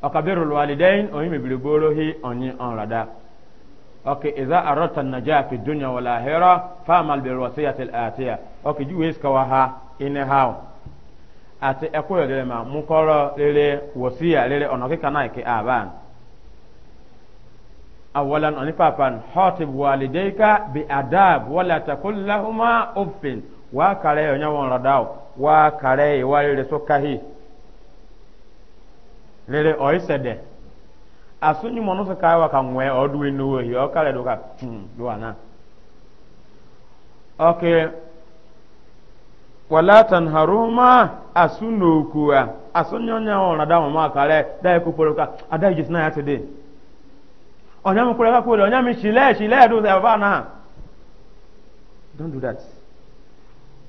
ọkabiru lwalidain onye mebiri gborohi onye ọnrada oke iza arọta naja fi dunya wal ahira fa mal bil wasiyati al atiya oke ji wes kawa ha ine ha ati ekoyo dele ma mukoro lele wasiya lele onoke kana ke aban awalan oni papan hatib walidayka bi adab wala takul lahumā uffin wa kare onye wonradao wa kare wa lele sokahi lere oisede asunyi mɔnu sɛ kaa wa ka ŋmɛ ɔduwe nuwo yi ɔkale do ka tum do ana ɔke wala tanharuma asunokua asunyi ɔnya ɔna da mɔmɔ akale da yɛ e koporo ka ada yi e jisina ya ti de ɔnya mi kura ka kore ɔnya mi silɛ silɛ do sɛ ɔba na don't do that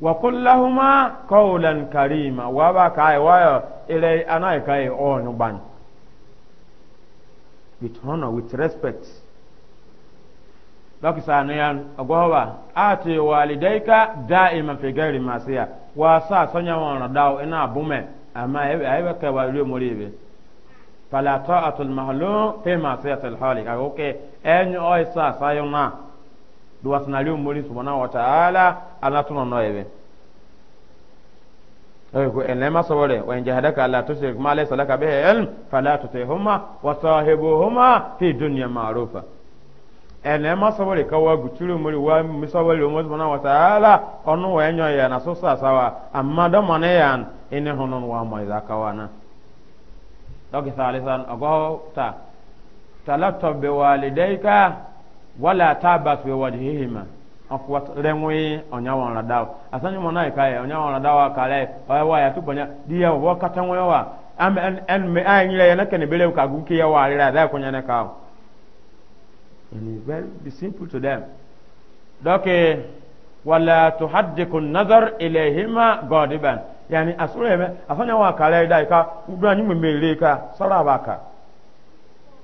wakulahuma kɔwulan karima waba kaa yi wayɔ. ilẹ̀ anáyíká yìí e ọ̀ọ́nù gbani with honor, with respect dɔkisa niyan agoba ati walidaika daima fi gairi masiya wasa sanya wana dawo ina bume amma ayi bɛ kɛ wa ilu mori bi fala ta'atul mahlum fi masiyatil halik ago ke enyi oy sa sayuna duwasna ilu mori subhanahu wa ta'ala ala tuno no enema sobore wa in jahadaka la tushrik ma laysa laka bihi ilm fala tutihuma wa sahibuhuma fi dunya ma'rufa enema sobore ka wa guturu muri wa misawali umu subhanahu wa ta'ala onu wa enyo ya na susa sawa amma da mane yan ine hunun wa mai zaka wana doki salisan ago ta talatta bi walidayka wala tabas bi wajhihima akwat renwe onyawa na dawa asanyo mona kai onyawa na dawa kale wa ya tu bonya dia wo kata wa am en en me ai nyile ya nakene bele ka guke ya wa rira da konya na ka and it's very be simple to them doke wala tuhaddiku nazar ilayhima godiban yani asure me afanya wa kale da ka udwa nyi mmele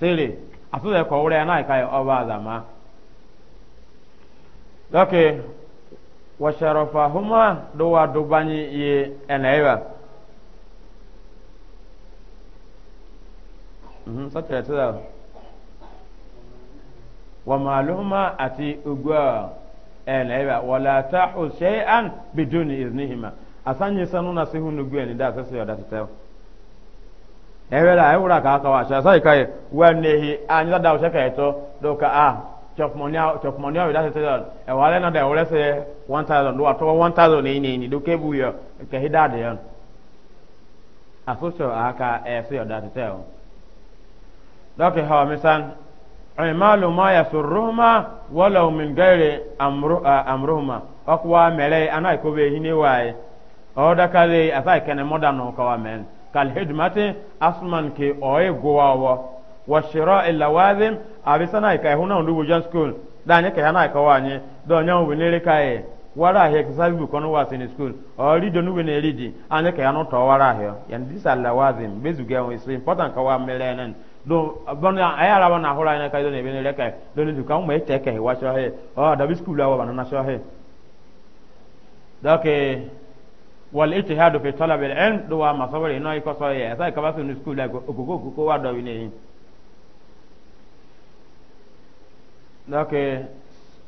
sele asu de kowre ana kai oba zama doke wa sharafa huma do wa do bani ye enaiwa mhm satra tsada wa maluma ati ugwa enaiwa wala tahu shay'an biduni iznihima asanyi sanuna sihunu gwe ni da sasa ya da tatawa ewela ewura ka aka wa shasa ikai wenehi anyi da ushe ka do ka ah chokmonia chokmonia we dase tell e wale na da wale se 1000 do ato 1000 ni ni ni do ke buyo ke hida de yon asoso aka e se yo dase tell doke ha misan imalu ma yasurruhuma walau min gairi amru amruhuma akwa mele anai ko be hini wai e. odakale asai kene modano ka wa men kalhidmati asman ke oye gowawa wa shira lawazim abisana ikai huna ndu bujan school danye ke yana ka wanye donya winere kai wara he kisabu kono wa sin school ori donu winere di anye ke yana to wara he yan this lawazim bezuge on is important ka wa melenen do bana ayara bana hora ina kai donya winere kai donu du kan mai teke wa sho he o ah, da bi school wa bana na sho he dake wal ijtihadu fi talab al ilm do wa masabari no iko so ye sai ka basu ni school la go go ko wa do ni dake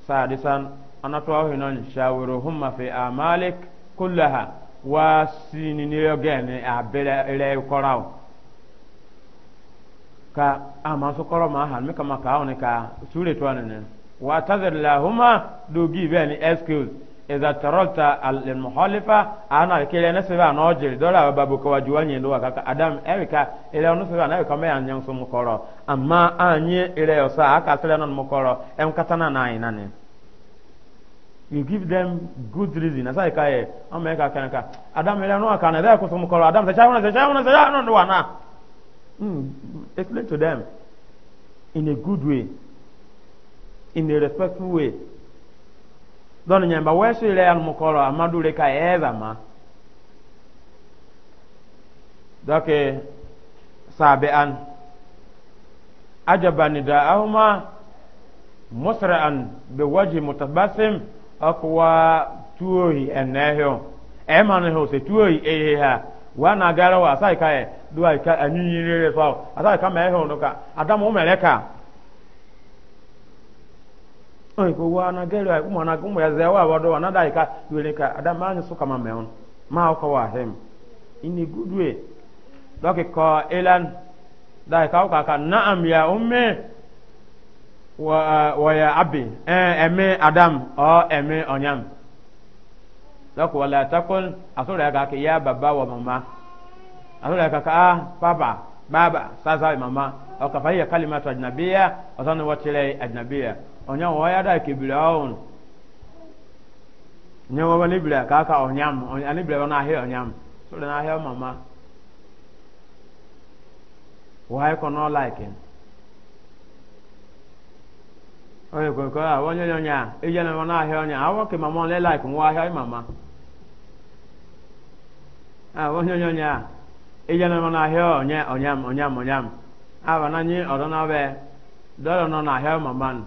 sadisan anato ahu non shawiru humma fi amalik kullaha wa sinini yogene abele ile koraw ka ama so koro ma han me kama ka oni ka sure to anene wa tazir lahuma dogi be ni excuse iza tarota al-muhalifa ana kile ne sebe ana ojiri dola babu ko wajuwanye ndo kaka adam erika ile onu sebe ana ko me anyan so mukoro amma anye ile yosa aka sele non mukoro em katana na ina ne you give them good reason asa ikaye amma ka kana ka adam ile no aka na da ko so mukoro adam se chauna se chauna se chauna ndo wana mm explain to them in a good way in a respectful way dɔn nyɛmba ile ya alimukɔrɔ amadu le ka ɛɛba ma dɔke saabe an ajaba ni da ahoma musra an be waji mutabasim akwa tuohi ɛnɛhio ɛma ne ho se tuohi ehe wana gara wa asai ka ɛ duwa ka anyinyi rere fa asai ka mɛ ɛhio no ka adamu mɛlɛ ka on ko wa na gero ai kuma na kuma ya zewa wa do na dai ka yule ka adam ma ah, ni suka ma meon ma ko wa hem ini gudwe doke ko elan dai ka ka ka na'am ya umme wa wa ya abi eh eme adam o eme onyam dok wala takun asura ka ya baba wa mama asura ka ka papa baba sasa mama o ka fa ya kalimatu ajnabiya o tan wa tire ajnabiya onya waya da ke birawon nya wa ni bira ka ka onyam ani bira na he onyam so na he mama why ko no like him oye ko ko awon nya nya e je na na he onya awon ke mama le like wa he mama awon nya nya e je na na he onya onyam onyam onyam awon na ni odona be dolo no na he mama no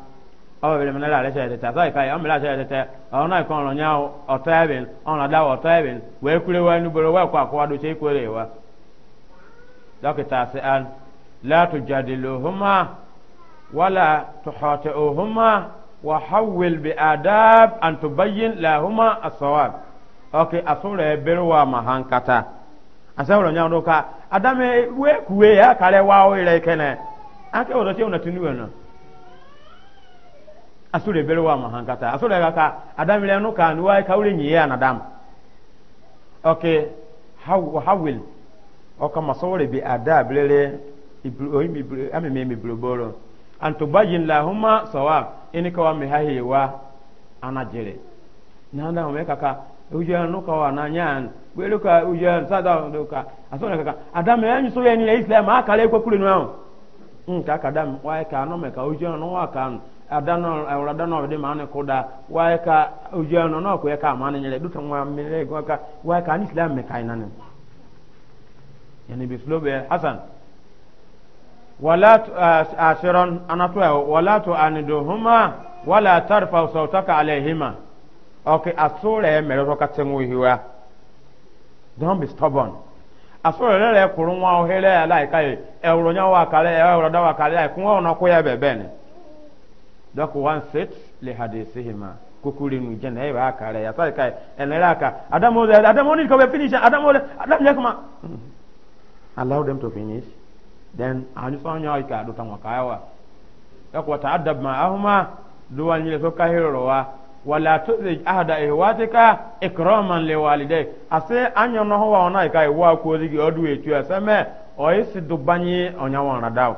awa bele mena lare sɛ tete asɔ ika yi ɔmi la sɛ tete ɔna ikɔ ɔnɔ nya ɔtɔ ɛbin ɔna da ɔtɔ ɛbin wɛ kure wɛ nubolo wɛ kɔ akɔwa do tse ikore wa dɔkita se an laatu jadilo huma wala tuhɔte o huma wa hawil bi adab an tubayin la huma asɔwab ɔke asɔrɔ ɛbere wa ma hankata asɛwɔrɔ nya do ka adame wɛ kuwe ya kare wa o yɛrɛ kɛnɛ asure bere wa mahankata asure ga ka adam ile no kan wa ka nyi ya na dam okay how how will o ka masore bi adab lele ibro ibro ame me me bloboro an to bajin lahuma sawa ini ka wa wa anajere na na me kaka ujo wa na nyan ka sada kaka adam ya nyi ni islam akale kwa kule mm ka adam wa ka no me ka ujo no wa adano awradano de mane koda waika ujano no ko yaka mane nyele duta mwa mele waka waika an islam me kaina ne yani bi slobe hasan wala asiran anatwa e wala tu aniduhuma wala tarfa sautaka alaihima okay asura e mere roka temu hiwa don't be stubborn asura lele kurunwa ohere alaika e euronya wa kale e euroda wa kale ai kunwa onako ya bebene dɔk wan sit li hadisihima kukuli nu jana e ba kare ya sai kai enera ka adam o adam ni ko be finish adam o adam ya kuma allow them to finish then anyu so nya ka do tan ka yawa dɔk wa ta'addab ma ahuma duwan ni so ka hirowa wala tuzi ahada ihwatika ikraman li walidayk ase anyo no ho wa ona ka iwa ko digi odu etu aseme o isi dubanye onyawa na dawo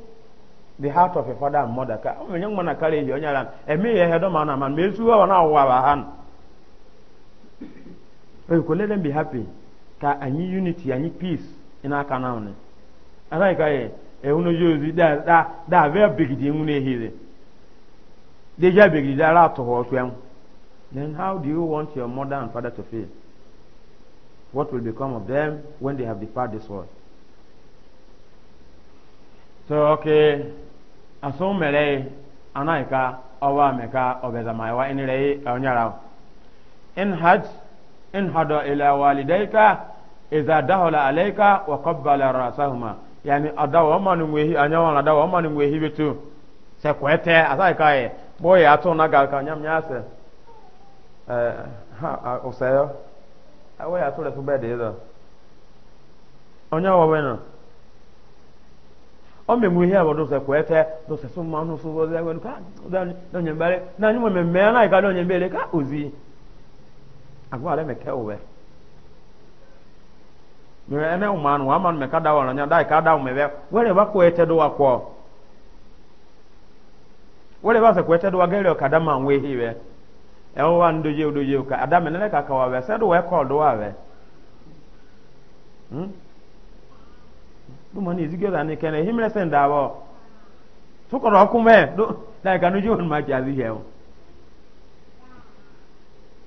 the heart of a father and mother ka o nyang mana kare yo nyaran e mi ye hedo mana man me suwa wana ba han e ko let them be happy ka anyi unity anyi peace ina aka na one ara ka e e uno yozi da da da ve bigidi ngune hire de ja bigidi da ra to ho twem then how do you want your mother and father to feel what will become of them when they have departed this world so okay asun mere anaika ọwa meka ọbẹzamaiwa inire ọnyara in hajj in hado ila walidaika iza dahola alaika wa qabbala rasahuma yani adawa manu ngwehi anyawa adawa manu ngwehi bitu se kwete asaika e boye ato na ga ka nyam nyase eh ha osayo awe ato le fubede do onyawa wena ome mu ihe abodo se kwete do se so manu so go lewe ka do nye na nyu me me na ka do nye ka ozi agwa le me ke owe me ene umanu wa manu me ka da wa nya dai ka da umebe wele ba kwete do akwo wele ba se kwete do wa gele ka da ma nwe hiwe e o wa ndoje odoje ka ada ka ka wa we se do we call do we do mani ezige da ne kene himre sen da bo so ko ro kume do da ga nuju on ma ja zi hewo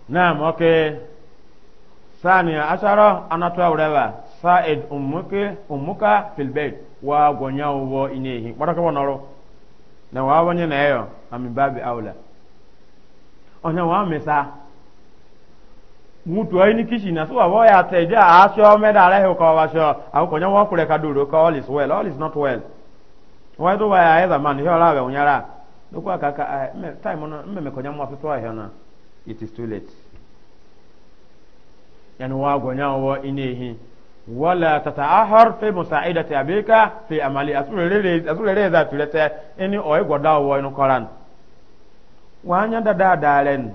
naam okay saniya ashara anatwa urewa sa'id ummuke ummuka fil bayt wa gonya wo inehi baraka wonoro na wa wonye na yo ami babi aula onya wa mesa mutu aini kishi na so abo ya teja asho me da rehe ko washo awu konya wo kure ka duro ko all is well all is not well why do why either man here lawe unyara doko akaka eh, me time no me me konya mo afeto ahe na it is too late yani wa gonya wo inehi wala tataahar fi musaidati abika fi amali asurere asurere za tulete ini oyi goda wo inu koran wanya da da dalen da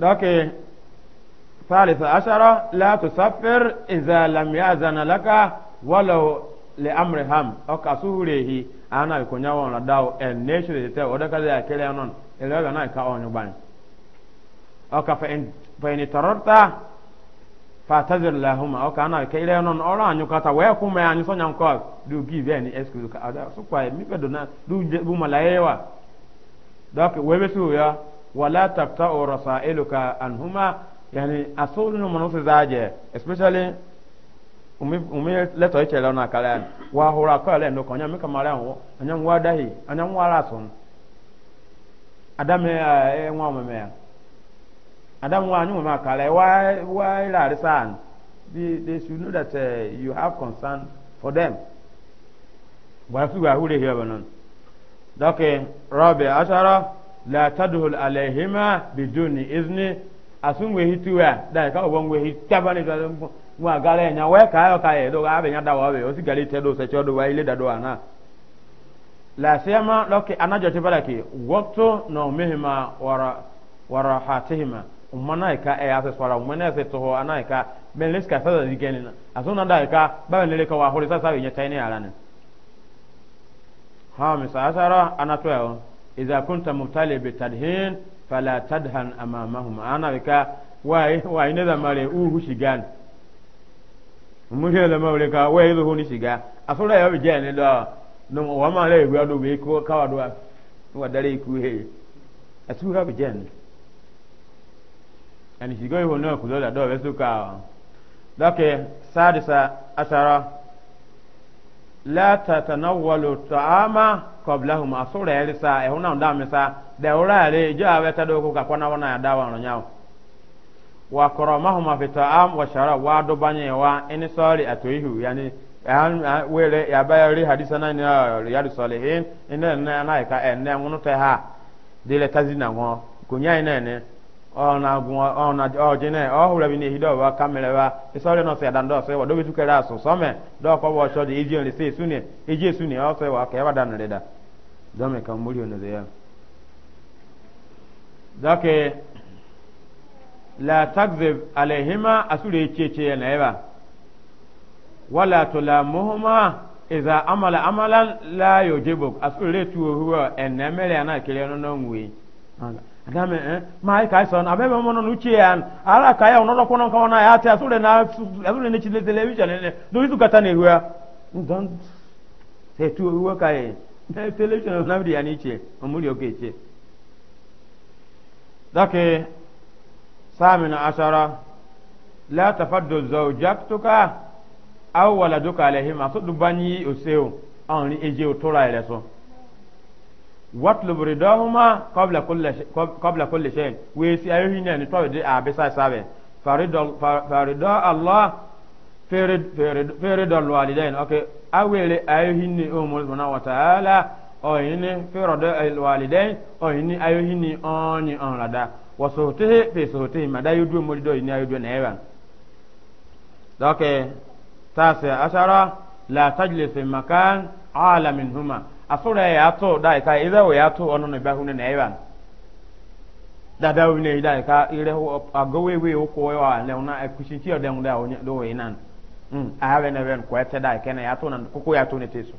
dɔke euh, salisa ashara la tusaffir iza lam ya'zana laka walau li amriham o ka suhurehi ana ko nyawo na daw en ne shi te o daga da anon non ele ga na ka onyu ban o ka fa in fa in tararta fa tazir lahum o ka na kele non o anyu kata we ku me anyu so nyam ko du give any excuse ka ada so kwa mi pe do na du bu malayewa dɔke we be su ya wala tafta'u rasailuka anhuma yani asul no manu especially umi leto iche lona kala wa hura ko le no konya mi kamara ho anya nwa dahi nwa rasun adame adam wa anyu ma kala wa they, they should know that uh, you have concern for them wa fi wa hure here banon doke rabi ashara la tadhul alayhima biduni izni asun we hituwa da ka obon we hitaba ni da wa gale nya we ka yo ka ye do ga be nya da wa be o si gale te do se chodo wa ile da do ana la sema loke anajo te baraki woto no mehima wara wara hatihima umana ka e ase swara umana se to ho anaika ben leska sa da digeni na asuna da ka ba ben leka wa hori sasa we nya tayne ala ne ha mi sa asara anatoyo idza kunta mubtali bi tadhin fala tadhan amamahum ana bika wai wai ne da mare uhu shigan muje da mare ka wai zuhu ni shiga asura ya bi jani da no wa ma le gwa do be ko kawa do wa dare ku he asura bi jani ani shigo ho na ku da do be su ka dake sadisa asara la tatanawwalu ta'ama qablahum asura yalisa e sa, nda mesa da urare jo aweta do ko kakwana wana ya dawa no nyawo wa karamahum fi ta'am wa sharab wa do banye wa in sori atoihu yani wele ya bayari hadisa na ni riyadu salihin ina na na ka enne ngunu te ha dile tazina ngo kunya ina ne ona gwa ona ojine o hula bini wa kamere wa si no se dando se wa dobi tukere aso some do ko wo shodi iji on se sune iji sune o se wa ke wa dan reda dame kan muri on ya dake la takzib alaihima asure cece na yaba e, wala tulamuhuma idza amala amala la yujibu asure tuwa huwa ennemere ana kire no nwe ngame eh mai kai son abebe mono nuchi yan ala kai ono ro kono kono na yate asule na asule ne chile television ne do izu kata ne hua don se tu hua kai ne television eh, eh. eh. na bi yani che omuri oke che dake samina asara la tafaddu zawjatuka aw waladuka alaihim asudu banyi oseo anri eje otora ile so watlub ridahuma qabla kulli qabla kulli shay we si ayo hinne ni to de abisa sabe faridol farida allah farid farid faridol walidain okay awele ayo hinne o mo subhanahu wa ta'ala o hinne faridol al walidain o hinne ayo hinne oni on lada wa sohtihi fi sohtihi madayu du mo do ni ayo do na ewan okay tasa ashara la tajlis fi makan ala minhuma asore ya ato dai ka ile wo ya ato ono ne ba ne na ewan da da wini dai ka ile ho agowe we wo ko wa le una akushinchi e ode ngda onye do we nan mm a have na ben ko ete dai e kena ya ato na kuku ya ato ne teso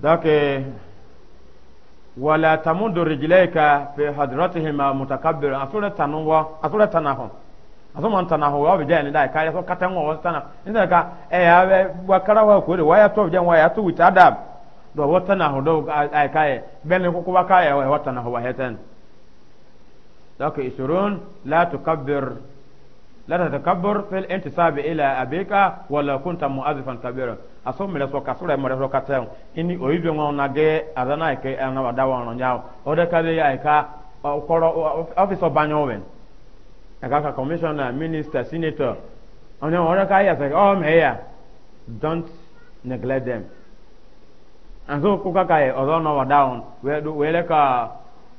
dake wala tamudu rijlaika fi hadratihima mutakabbir asore tanwa asore tanahu asoma ntana ho wa bɛgya ne da ka yɛ eh, so kata ŋɔ wɔ tana ne sɛ ka ɛyɛ abɛ wakara wa kori wa yɛ tɔ bɛgya wa yɛ to wita adab dɔ wɔ tana ho dɔ ayi ka yɛ bɛn ne koko wa ka yɛ wɔ tana ho wa yɛ tɛn donc isurun la tukabir la tukabir fil intisabi ila abika wala kunta mu'azifan kabira aso mele so ka sura mele so ka tɛn ini oyi bɛ ŋɔ na ge o ayi ka ɛna wa da wa ɔnɔ nyaa o de ka de ayi ka ɔkɔrɔ ɔfisɔ akaka commissioner minister senator ọ̀nà ọ̀rọ̀ ká yà sẹ́kẹ̀ ọ̀ mẹ́yà don't neglect them and so kó kaka yẹ ọ̀rọ̀ náà wà dáhùn wẹ́lẹ́ ka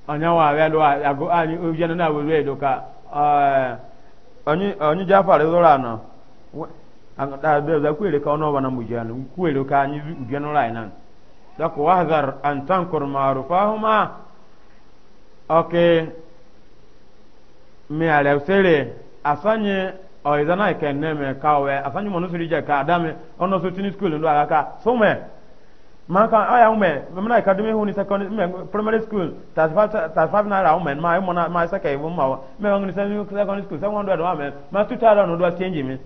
ọ̀nyà wà wẹ́lẹ́ wà àgọ́ àní ojú ẹni náà wẹ́lẹ́ èdò ka ọ̀nyí jáfàrí lọ́rọ̀ àná àgbẹ̀dẹ̀ kú èrè ka ọ̀nà wà náà mú jẹun kú èrè ka ní ojú ẹni rà iná dọ́kọ̀ wàhazar àǹtàǹkùrù màrúfà ọ̀hún mà ọ̀kẹ́. mi ale sere asanye o izana na kawe asanye monu siri je ka adame ono so tini school ndo aka so me maka aya ume me na academy hu ni secondary me primary school ume ma mo na ma se ke ibu ma me wangu ni secondary school me ma tu tara no change mi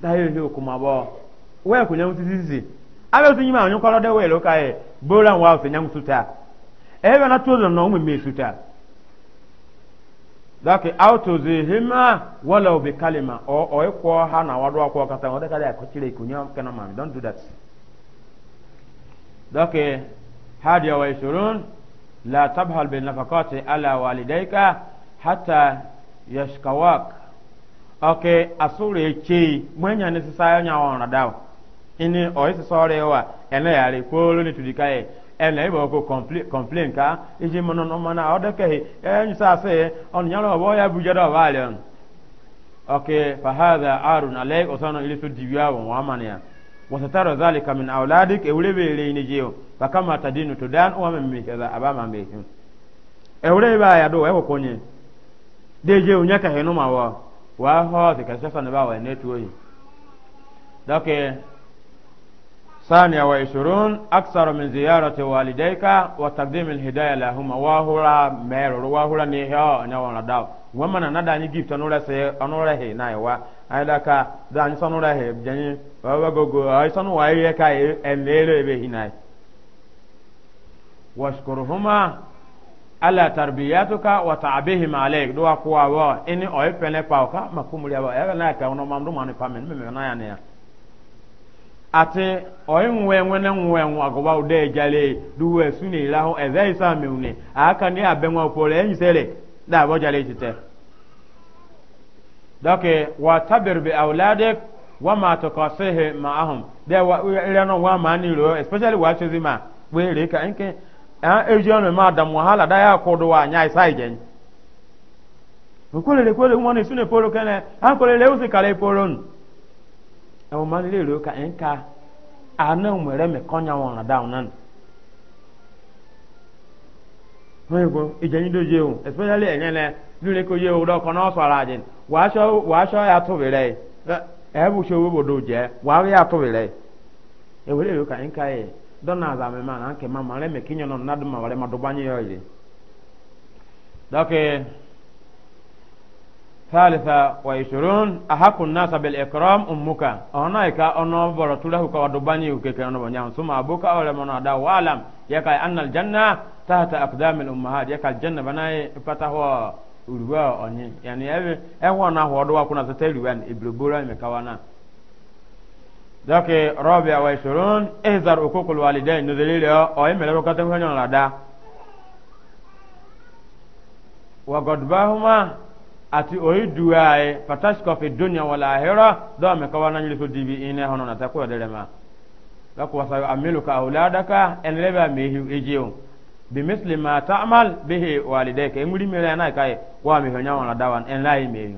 da yo yo kuma bo we tizizi abe nyima de we lo kai wa be na tu no ume me dake autozihima wala bi kalima o o ko ha na wadu ko kata o daga ko chire kana mami don't do that dake hadi wa ishurun la tabhal bin nafakati ala walidaika hata yashkawak okay asure che mwenya ni sisa nya wa dawa ini oisi sore wa ene yare ko ni tudikaye ene ibo ko complain ka iji mono no mana ode ke en sa se on nyalo bo ya buje do wale on okay fa hadha arun alay osano ilisu dibiya kamin amania wasatara zalika min auladik ewulebe eleini jeo fakama tadinu tudan wa mimikeza abama mbehi ewuleba ya do ewo konye deje unyaka henu mawa wa ho zikasasa ne bawa e ne tuoyi doke e. ثانية وعشرون أكثر من زيارة والديك وتقديم الهداية لهما وهورا مير وهورا نيها نيوان رداو ومن ندا ني جيفت نورا سي نورا هي نايوا ايدا كا دا هي بجني بابا غوغو اي سنو واي كا الليل به هناي واشكرهما على تربيتك وتعبهم عليك دوا كوا وا اني اوي بنه باوكا مكومريا با انا كا نو مامدو ماني فامن ميمنا يعني Ate ati oyin wenwene nwen agoba ude jale duwe suni ilaho eze isa miune aka ni abenwa pole enyi sele da bo jale tite dake wa tabir bi auladik wa ma tukasihi ma'ahum de wa irano wa ma ni ro especially wa ma we re ka nke a eji onu ma da muhala da ya kodo wa nya isa ijen ukolele kwele ngone sune polo kene akolele usikale nụ. ɛwɔ niile lele ro ka nka ana ŋmɛrɛ mɛ wɔn na daawu nani wọn yìí ko ìjẹni do o especially ẹ̀yẹ lẹ lórí ko yé o dọ kọ na sọ̀rọ̀ àjẹ wàá obodo yà tó wẹrẹ yìí wíwò do jẹ wàá yà tó wẹrẹ yìí ẹwọ ka nka yẹ dɔnna ma na nkɛ ma ma lɛ mɛ kinyɔ nɔ ma wɛrɛ ma dɔba nyɛ yɔ yi dɔkɛ. ثالثة وعشرون أحق الناس بالإكرام أمك هناك أنا برطوله كودباني وكيكي أنا بنيام ثم أبوك أولا من أدا وعلم يكا أن الجنة تحت أقدام الأمهات يكا الجنة بناي فتحوا ulwa onye yani ewe ewa na hodo wa kuna zete liwan iblubura imekawana dake rabi wa 20 ihzar ukukul walidain nuzilile o imelero katenyo na da wa godbahuma ati oyi duwaye fatashka fi dunya wal akhirah do me ko wana nyiri dibi ine hono na takwa dere ma la ko wasa amiluka auladaka en leba me hi ejiu bi misli ma ta'mal bihi walidayka nguri me la na kai wa me honya wana dawan en lai me hi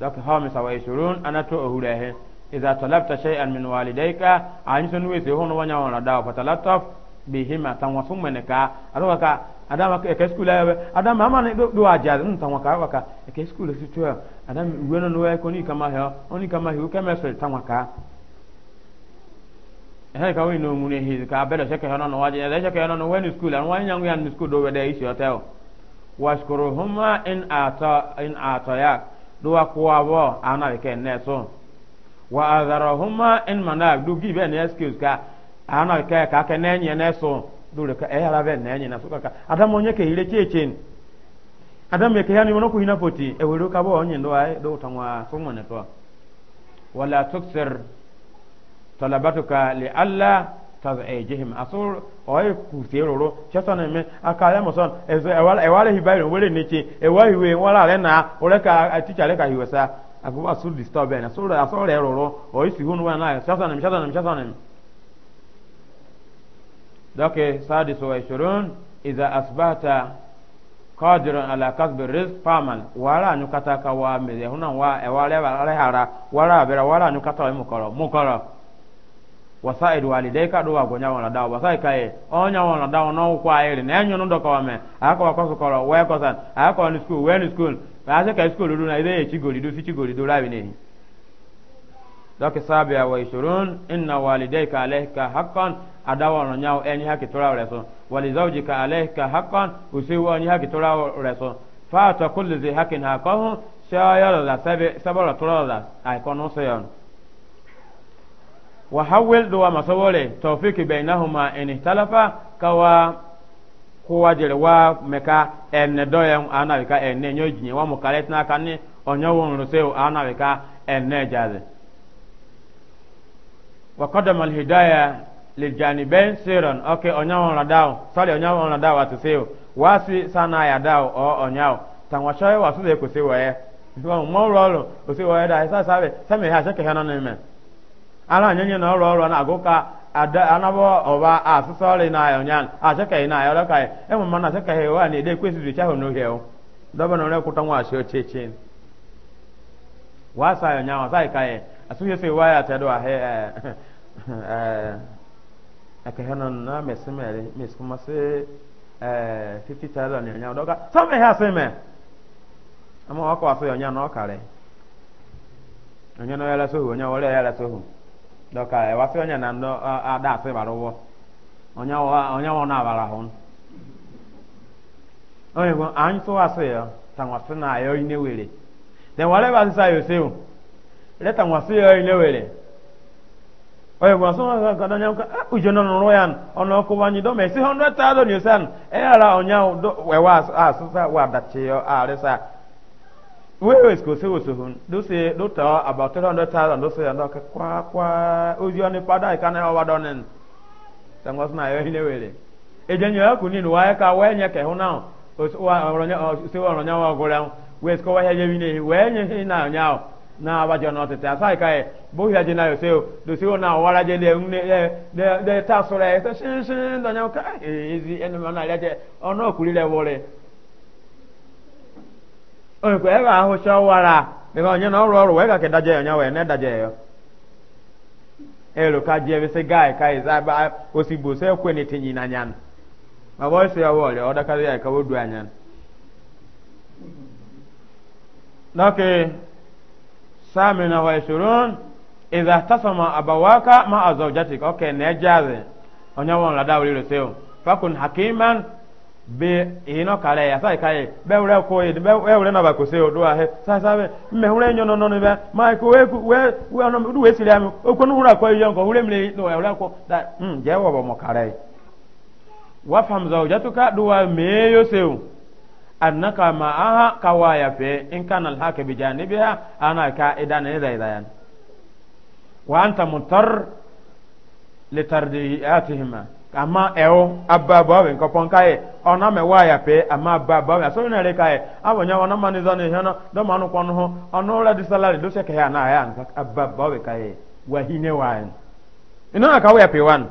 dak ha me sawa ishurun anato ohura he idza talabta shay'an min walidayka an sunu we se hono wanya wana dawa fatalattaf bihima tanwasum meneka arwaka adama eke skul ayawe adam ama ne do ajaze nta waka waka eke skul situ ya adama uwe no no ko ni kama he oni kama ta nwaka. ehe ka we no mu ne ka bedo sheke hono ni an wanya ya ni skul do we de isi hotel in in ya do wa ana so wa in do ka ana ka dole ka eh ara na suka ka onye ke hire chechen adam ke yani wono ku hinapoti e wero ka bo onye ndo ai do tanwa somo ne to wala tuksir talabatuka li alla tazajihim asur oy ku seroro chatana me akale mo son ezo ewala ewala hibairo wele nechi ewa hiwe wala re na ore ka aticha re ka hiwesa agu asur disturb na asur asur eroro oy si hunu wana chatana me chatana me chatana me دوك سادس وعشرون إذا أصبحت قادرا على كسب الرزق فعمل ولا نكتا كوا مزي هنا وا ولا ولا هارا ولا بلا ولا نكتا مكرا مكرا wasaid walideka do wagonya wana dawo wasai kae onya wana dawo no kwa ele na enyo ndo kwa me ako wakoso koro we kosan ako ni school we ni school ba se ka school ru na ide e chigoli do fi chigoli do labi ne dɔki saabiya wa ishurun inna walidayka alayka haqqan adawa no nyaw eni haki tora reso wali zawjika alayka haqqan usiwa eni haki tora reso fata kulli zi hakin haqahu shayara la sabi sabara tora la ay kono sayon wa hawil duwa masawole tawfiki bainahuma in ihtalafa kawa kowa jere wa meka enne doyen anawika enne nyojinye wa mukalet na kanni onyawo nrusew enne jaze وقدم الهداية للجانبين سيرا أوكي أنياو رداو سالي أنياو رداو أتسيو واسي سانا يداو أو أنياو تنوشاي واسوزي كسيو أيه ìfọwọ́n mọ ọrụ ọrụ osi ha na ọrụ ọrụ na agụ ka ada anabọ ọba asụsọrị na ọnyan aṣẹkẹ na ayọrọ ka na na chahụ n'ohe ọ dọba na ọrụ ekwụta nwa asị ocheche asuye se waya ta do ahe eh aka hanan na me semere kuma se 50000 ni nya doga so me ha se me ama wa no onye no yala so onye wole yala so doka onye na ndo ada se baruwo onye onye na bara hon oye ko na were leta nwasi ya ile were oye gwasị nwa ga anya nka nọ n'ụrụ ya ọnụ ọkụ esi ha ọnyaahụ asụsa ya arịsa wee dosi dota dosi ya ndọka kwa kwa ozi ọnụ na ọwa dọnị na ya ile were eje nye ya kuni n'ụwa ya ka wee nye ka ịhụ na osi ọrọnyawa ọgwụrụ ya ya na ehi na abajo na otete asai kai bo ya jina yo seo do seo na wara je le nne de de ta so re so shin shin do nyam ka e, ezi enu na le je ona okuri le wore o ko e ba ho so a be ba onye na oro oro we ga ke daje onya we ne daje yo e lo ka je be se guy kai za ba osibo se kwe ne tinyi na nyan ma bo se ya wore o da ka ya ka bo du anyan Okay. الثامن والعشرون إذا اختصم أبواك مع زوجتك أوكي نجازي onyawon la dawri le seo fakun hakiman be ino kale ya sai kai be ure ko yi be ure na ba ko seo do ahe sa sa be me ure nyono no ni be mai ko we we we ono du we sile am o ko nu ura ko yi nko ure mle no ure ko da mm je wo bo mo kale wa fam annaka ma'aha kawaya fe in kana alhaka bi janibiha ana ka idan ne da idan wa anta mutar li tardiyatihima amma ewo ababa we ko pon kai ona me waya pe amma ababa we so ne re kai abonya ona mani zani hena do manu kon ho ona ra di salary do se ke ya na ya ababa we kai wa hine wa ina ka waya pe wan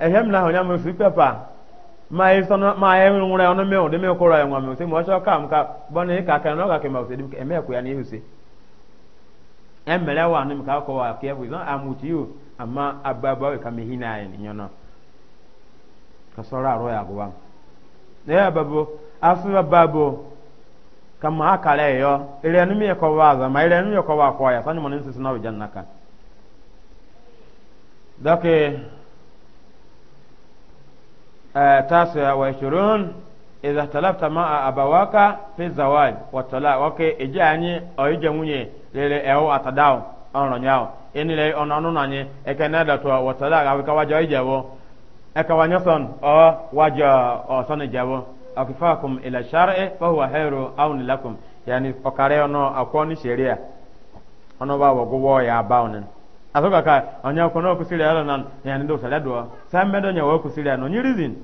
ehem na honya mu su pepa ma e sono ma e nwura ono me o de me ko ra e nwa me se mo so ka mka bone na ka no ka ma ma se dim eme ko ya ni e huse emere wa ka ko wa ke bu zon amuti yo ama ababa ka na e ni nyono ka ya gwa ne ya babo asu babo kama akala yo ile nu me ma ile ya na na wi jannaka تاسع وعشرون إذا اختلفت مع أبواك في الزواج والطلاق أوكي إجاني أو إجاني للي أو أتداو أو نياو إني لي أو نانو ناني إكنا دتوا والطلاق أو كواجا إجاو أكوانيا صن أو واجا أو صن إجاو أكفاكم إلى الشرع فهو خير أو لكم يعني فكاريو نو أكوني شريعة أنا بابا قوة يا باونن asoka ka anya kono kusiria ala nan yani ndo sala dua samme do nyawo kusiria no nyirizin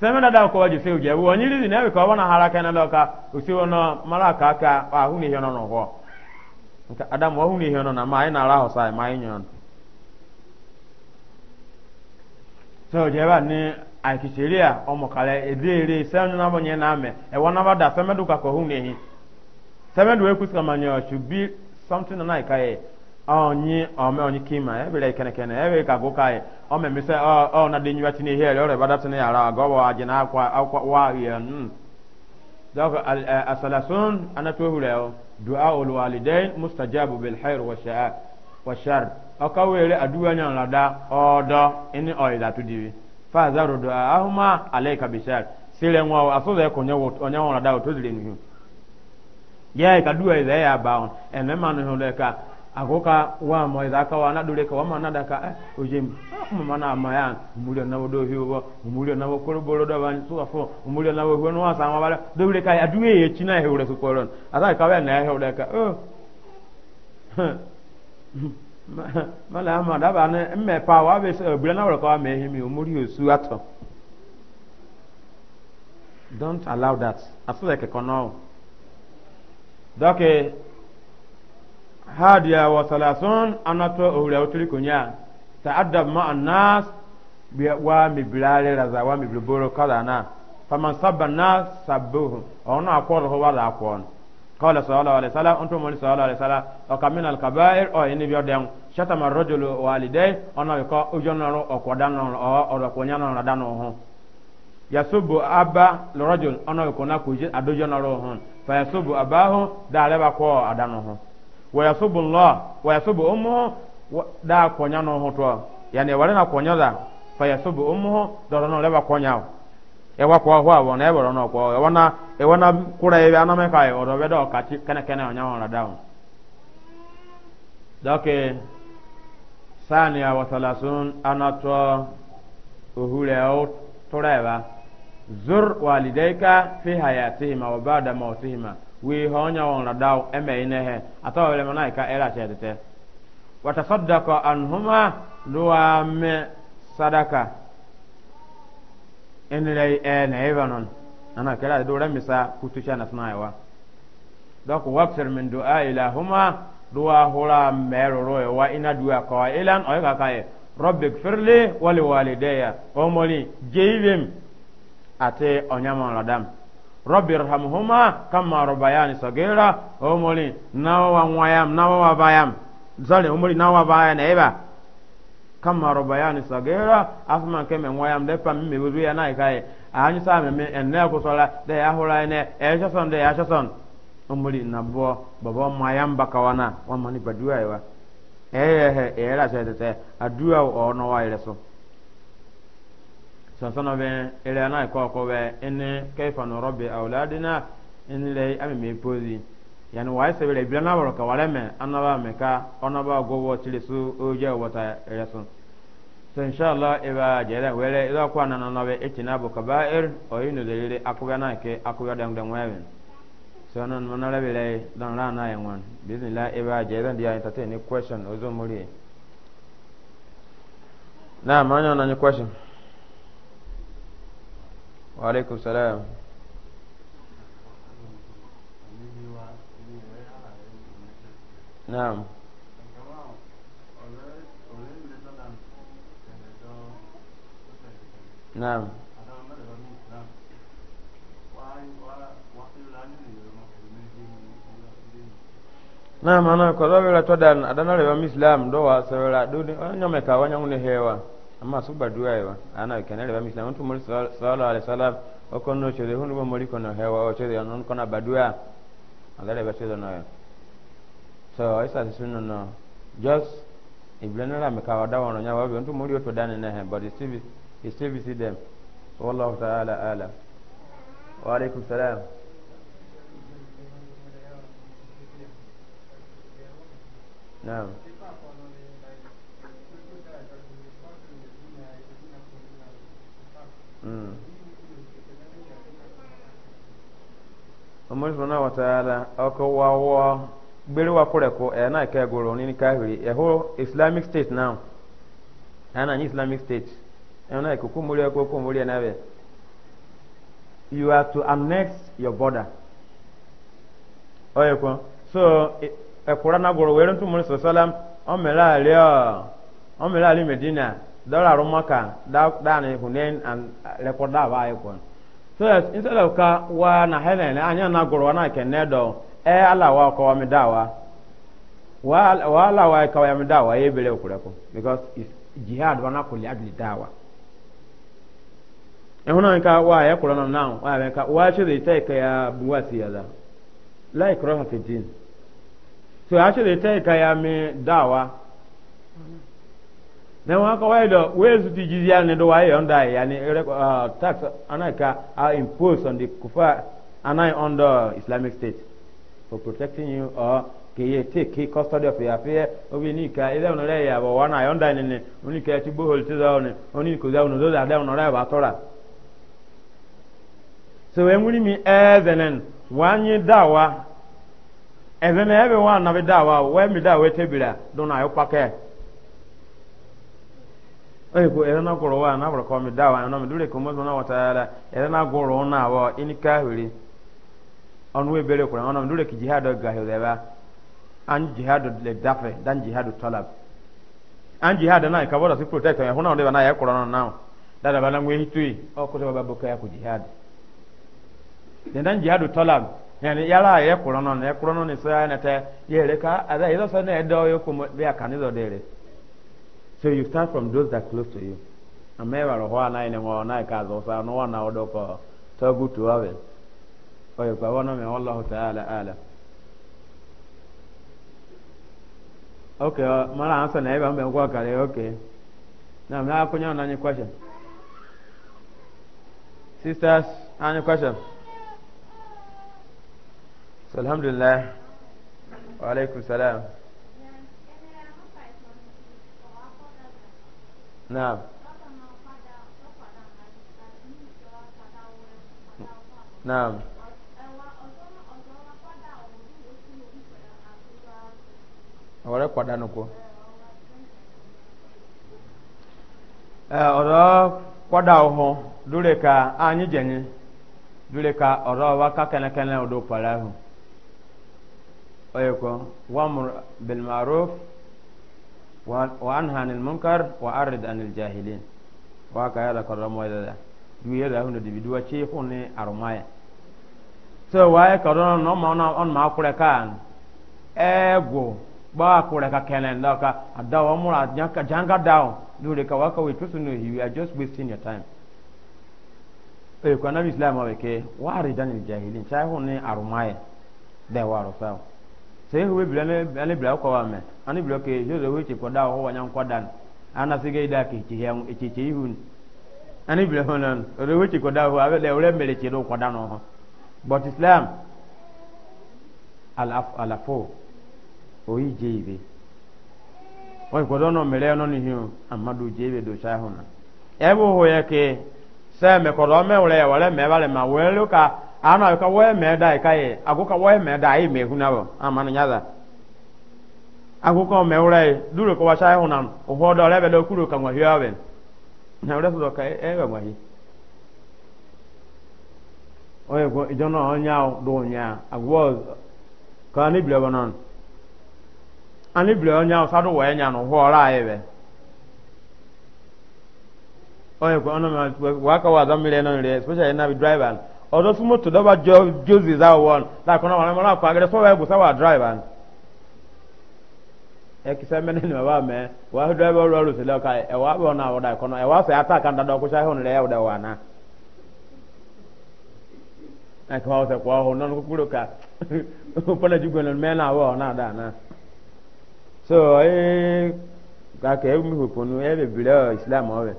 samme da da ko waji se uja wo nyirizin na ko wana haraka na loka usiwo no malaka ka ahu ni hono no ho nka adam wa hu ni hono na mai na raho sai mai nyon so je ba ni akishiria omo kale edere samme na bonye na ame e wana ba da samme do ka ko hu ni hi samme do ekusa manyo should be something na na ikaye onyi ome onyi kima eh, ebile kene kene ebe eh, ka goka e eh. ome ọ o oh, oh, na de nyuwa tini here ore bada tini ara go wa na akwa akwa wa ye n doko asalasun ana to hure o oh. du'a ul walidain mustajabu bil khair wa sha'a wa shar were aduwa lada ini diwi fa du'a ahuma alayka bi shar sile nwa aso wo lada o to dile ye ka du'a ya agoka wa ka wa nadule ka wa manada ka eh, na na boro da ban na wo asa ma bala dole ka aduwe ye china he su koron asa ka wa na he ure ka oh [laughs] mala ma da ba ne me pa wa be se eh, na ka wa me ato don't allow that haa dia wà sàlà sun ànàtu owu na ụtụrụ kụnya ta addama anà wà mibiri arịrịọ awà mi boro kàlà na kama saba nà sàbụ ọ nọ akwọ ọ rọ hụ ọ nọ akwọ nị kọla sọla ọlịsala ọ ntọmọli sọla ọlịsala ọ kaminara kabeghari ọ ịnị bịa ọ dị mụ shi atama rọjul ọ alị de ọ na ọ ikọ ụjọ nọ nụ ọkpọ dị ọ nọ nọ ọ ọ ọkụnyanọ nọ nọ dị ọ nọ yaasopu ويصب الله ويصب أمه na كونيا نو هتوا يعني ولنا كونيا دا فيصب أمه دورنا o كونيا ewa kwa hwa won e woro no kwa e na e wana kura e ana me kai oro be do ka ti kana kana onya won o won dake sania wa salasun o uhure o toreba zur walidayka fi hayatihima wa ba'da mautihima we honya wona daw eme inehe atawa le mana ka era chedete watasaddaqa anhuma duwa me sadaka enlei ene evanon ana kala do misa kutusha na sanawa dok waqtir min du'a huma duwa hura meroro e wa ina du'a qailan o ka kai e. rabbik firli wali walidayya o moli jeivim ate onyama ladam rabbi irhamhuma kama rabbayani sagira omuli nawa wayam nawa bayam zale omuli nawa bayan eba kama rabbayani sagira asma keme wayam de pam me buzu ya nai kai anyi sa me me enne ko sola de ya hola ne e shason de ya shason omuli nabo baba mayam bakawana wa mani baduwa ewa eh eh eh la sete adua ono wa ile so sasana bɛ ele ana ko ko bɛ ene kaifa auladina in le ami pozi yani wa se bele bilana woro ka wala me anaba ka go wo tile su oje wata resun so inshallah iba jere wele ila ko anana na be etina bu kabair o na ke akuga dang dang wewe so non na ni وعليكم السلام نعم نعم naam ana ko dawela to dan adana rewa mislam do wa sawela do nyame ka hewa amma su ba duwa yawa ana kana ba misla mun tumur sallallahu alaihi wasallam o kono chede hunu bo mori kono hewa o chede non kono ba duwa ala ba chede no so isa sunu no just iblana la meka wada wono nya wa ntu muri to dane na he but still still see them wallahu ta'ala ala wa alaikum salam na'am mm eh, na wataala oko wawo gbere wa kureko e na ka goro ni kahiri e eh, islamic state now eh, na islamic state e na ko kumuri na be you have to annex your border oyeko so e na goro were ntu muri sallam mere mere medina dara rumaka da dane hunen an rekorda ba ay kon so yes instead of ka wa na hele na anya na goro na ken ne do e ala wa ko mi dawa wa wa ala wa e ka wa mi dawa e bele okure because is jihad wa na ko li agli dawa e hona ka wa ya ko na now wa be ka wa shi de take ya buwasi ya da like roha fi din so actually take ya mi dawa na wa kawaida wezi tijizia ne do wayo ndai yani uh, tax anaka are uh, impose on di kufa anai on islamic state for protecting you or ke ye take ke custody of your affair obi ni ka ile onore ya bo wana yo ndai ne oni ka ti bo holte za oni oni ko za ono do da da onore ba tora so emuni mi ezenen wanyi dawa ezenen ebe wa na be dawa we mi dawa tebira do na yo pakee ko ere na goro wa na bro ko mi dawa na mi dure ko mo na wata ere na goro na wa in kahiri on we bere ko na mi dure ki jihad ga he ba an jihad le dafe dan jihad talab an jihad na ka si protect ya hona onde na ya ko na na da da bana ngwe hitui o ko to ya ku jihad dan jihad talab yani ya ko na ya ko na na ka na edo yo ko So you start from those that close to you. Amewa roho anaine mwana kazo sa no wana odoko togu to have. Oyo kwa wana me Allah Ta'ala ala. Okay, uh, mara answer na ebe mbe kwa kale okay. Now I'm not kunya na any question. Sisters, any question? So alhamdulillah. Wa alaikum salam. نعم نعم ọ̀rẹ́ pàdánù kọ́ ọ̀rọ̀ kwada ọ̀hún lórí ka anyị jenye lórí ka ọ̀rọ̀ wa ká kẹ́nẹ́kẹ́nẹ́ ọ̀dọ̀ pàdánù ọ̀yẹ̀kọ́ wàmùr wa anha anil munkar wa arid anil jahilin wa ka yada karamo da du yada hunu dibi duwa ce hunne arumaya so wa ya kadono no ma ona on ma kure kan ego ba kure ka kenen da ka adawa mura janka janga down we are just wasting your time e ko nabi islam wa ke wa arid anil jahilin sai hunne arumaya da wa rafa sai huwe bilane bilane bilako wa me ani bloke jozo weche kwa dawa wa nyam kwadan ana sige ida ke chi yang chi eh, chi hun ani bloke nan ro weche kwa dawa abe le ore mele chi do kwadan ho but islam al af al o oh, yi jebe o ko dono mele no ni hin amadu jebe do sha hona ebo eh, ho ya ke se me ko do me ore wale me vale ma welu ka ana ka we me dai ka ye ago ka we me dai me hunabo amana nyaza akụkọ mewure duru kọwacha ịhụ na ụfọdụ ọrịa ebele okwuru ka nwahie ọrịa na ka ewe e nwahie onye kwo ijọ na onye ahụ dụ ụnya agwọ ka anyị nọn anyị onye ahụ na ụhụ ọrụ anyị ebe onye ọnụ kọwa azọ mmiri nọ nri especially na bi driver ọzọ si dọba na akọ na ọrụ akọ sọwa egwu sawa driver ekisa mene ni maba me wa hdo ba ro ro sele ka e wa ba na oda kono e wa se ata kan da do ko sha hon le oda wa na na ka wa se kwa ho non ko kuro ka po na jugo non me na wa na da na so e ka ke mi ho ponu e be bire islam o be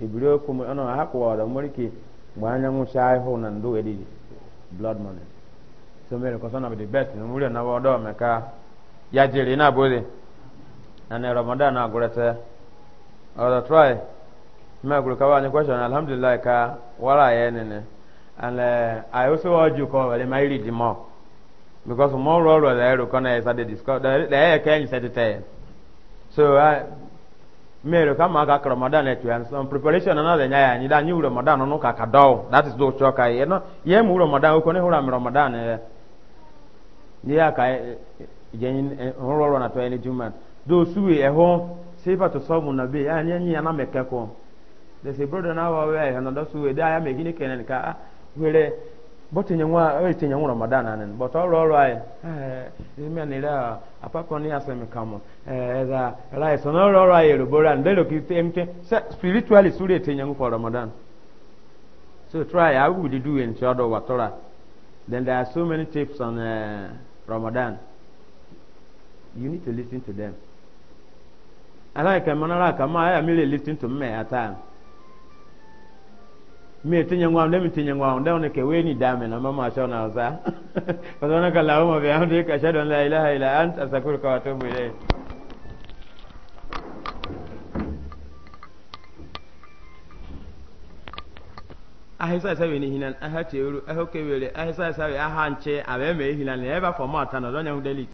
e bire ko mo ona ha ko wa da mori ki gba anya mu sha ho na ndo e blood money so mere ko so na be the best no muri na wa do me ka ya jere na bode ana ramadan agurete oda try me aguru ka wani question alhamdulillah ka wara ye nene and i also want you come let me read more because more role role there ko na is the discuss the the can set it so i me ro kama ka ramadan e tuan some preparation na na nya ni da ni ramadan no ka ka do that is do choka ye no ye mu ramadan ko ne hura ramadan ni ya ka je ni role na to ni jumat do suwe eho seba to somu na be anya nyi na meke ko de se brodo na wa we na do suwe da ya me gini kenen ka were bote nyanwa we te nyanwa ramadan anen but all all right eh, eh me ni la apako ni asem kamo eh da right so no all right ro boran de lo ki temte spiritually sure te nyanwa for ramadan so try how would you do in chodo watora then there are so many tips on uh, ramadan you need to lis ten to them alaika manara kama aya mile listen to me ata me tinye ngwa ndemi tinye ngwa ndao ne ke weni dame na mama ashona za [laughs] kadona kala huma bi hamdi ka shadu la ilaha illa ant asakuruka wa tubu ilayhi ahisa sabe ni hinan ahate uru ahoke wele ahisa sabe ahanche abeme hinan ne ba format na donya delete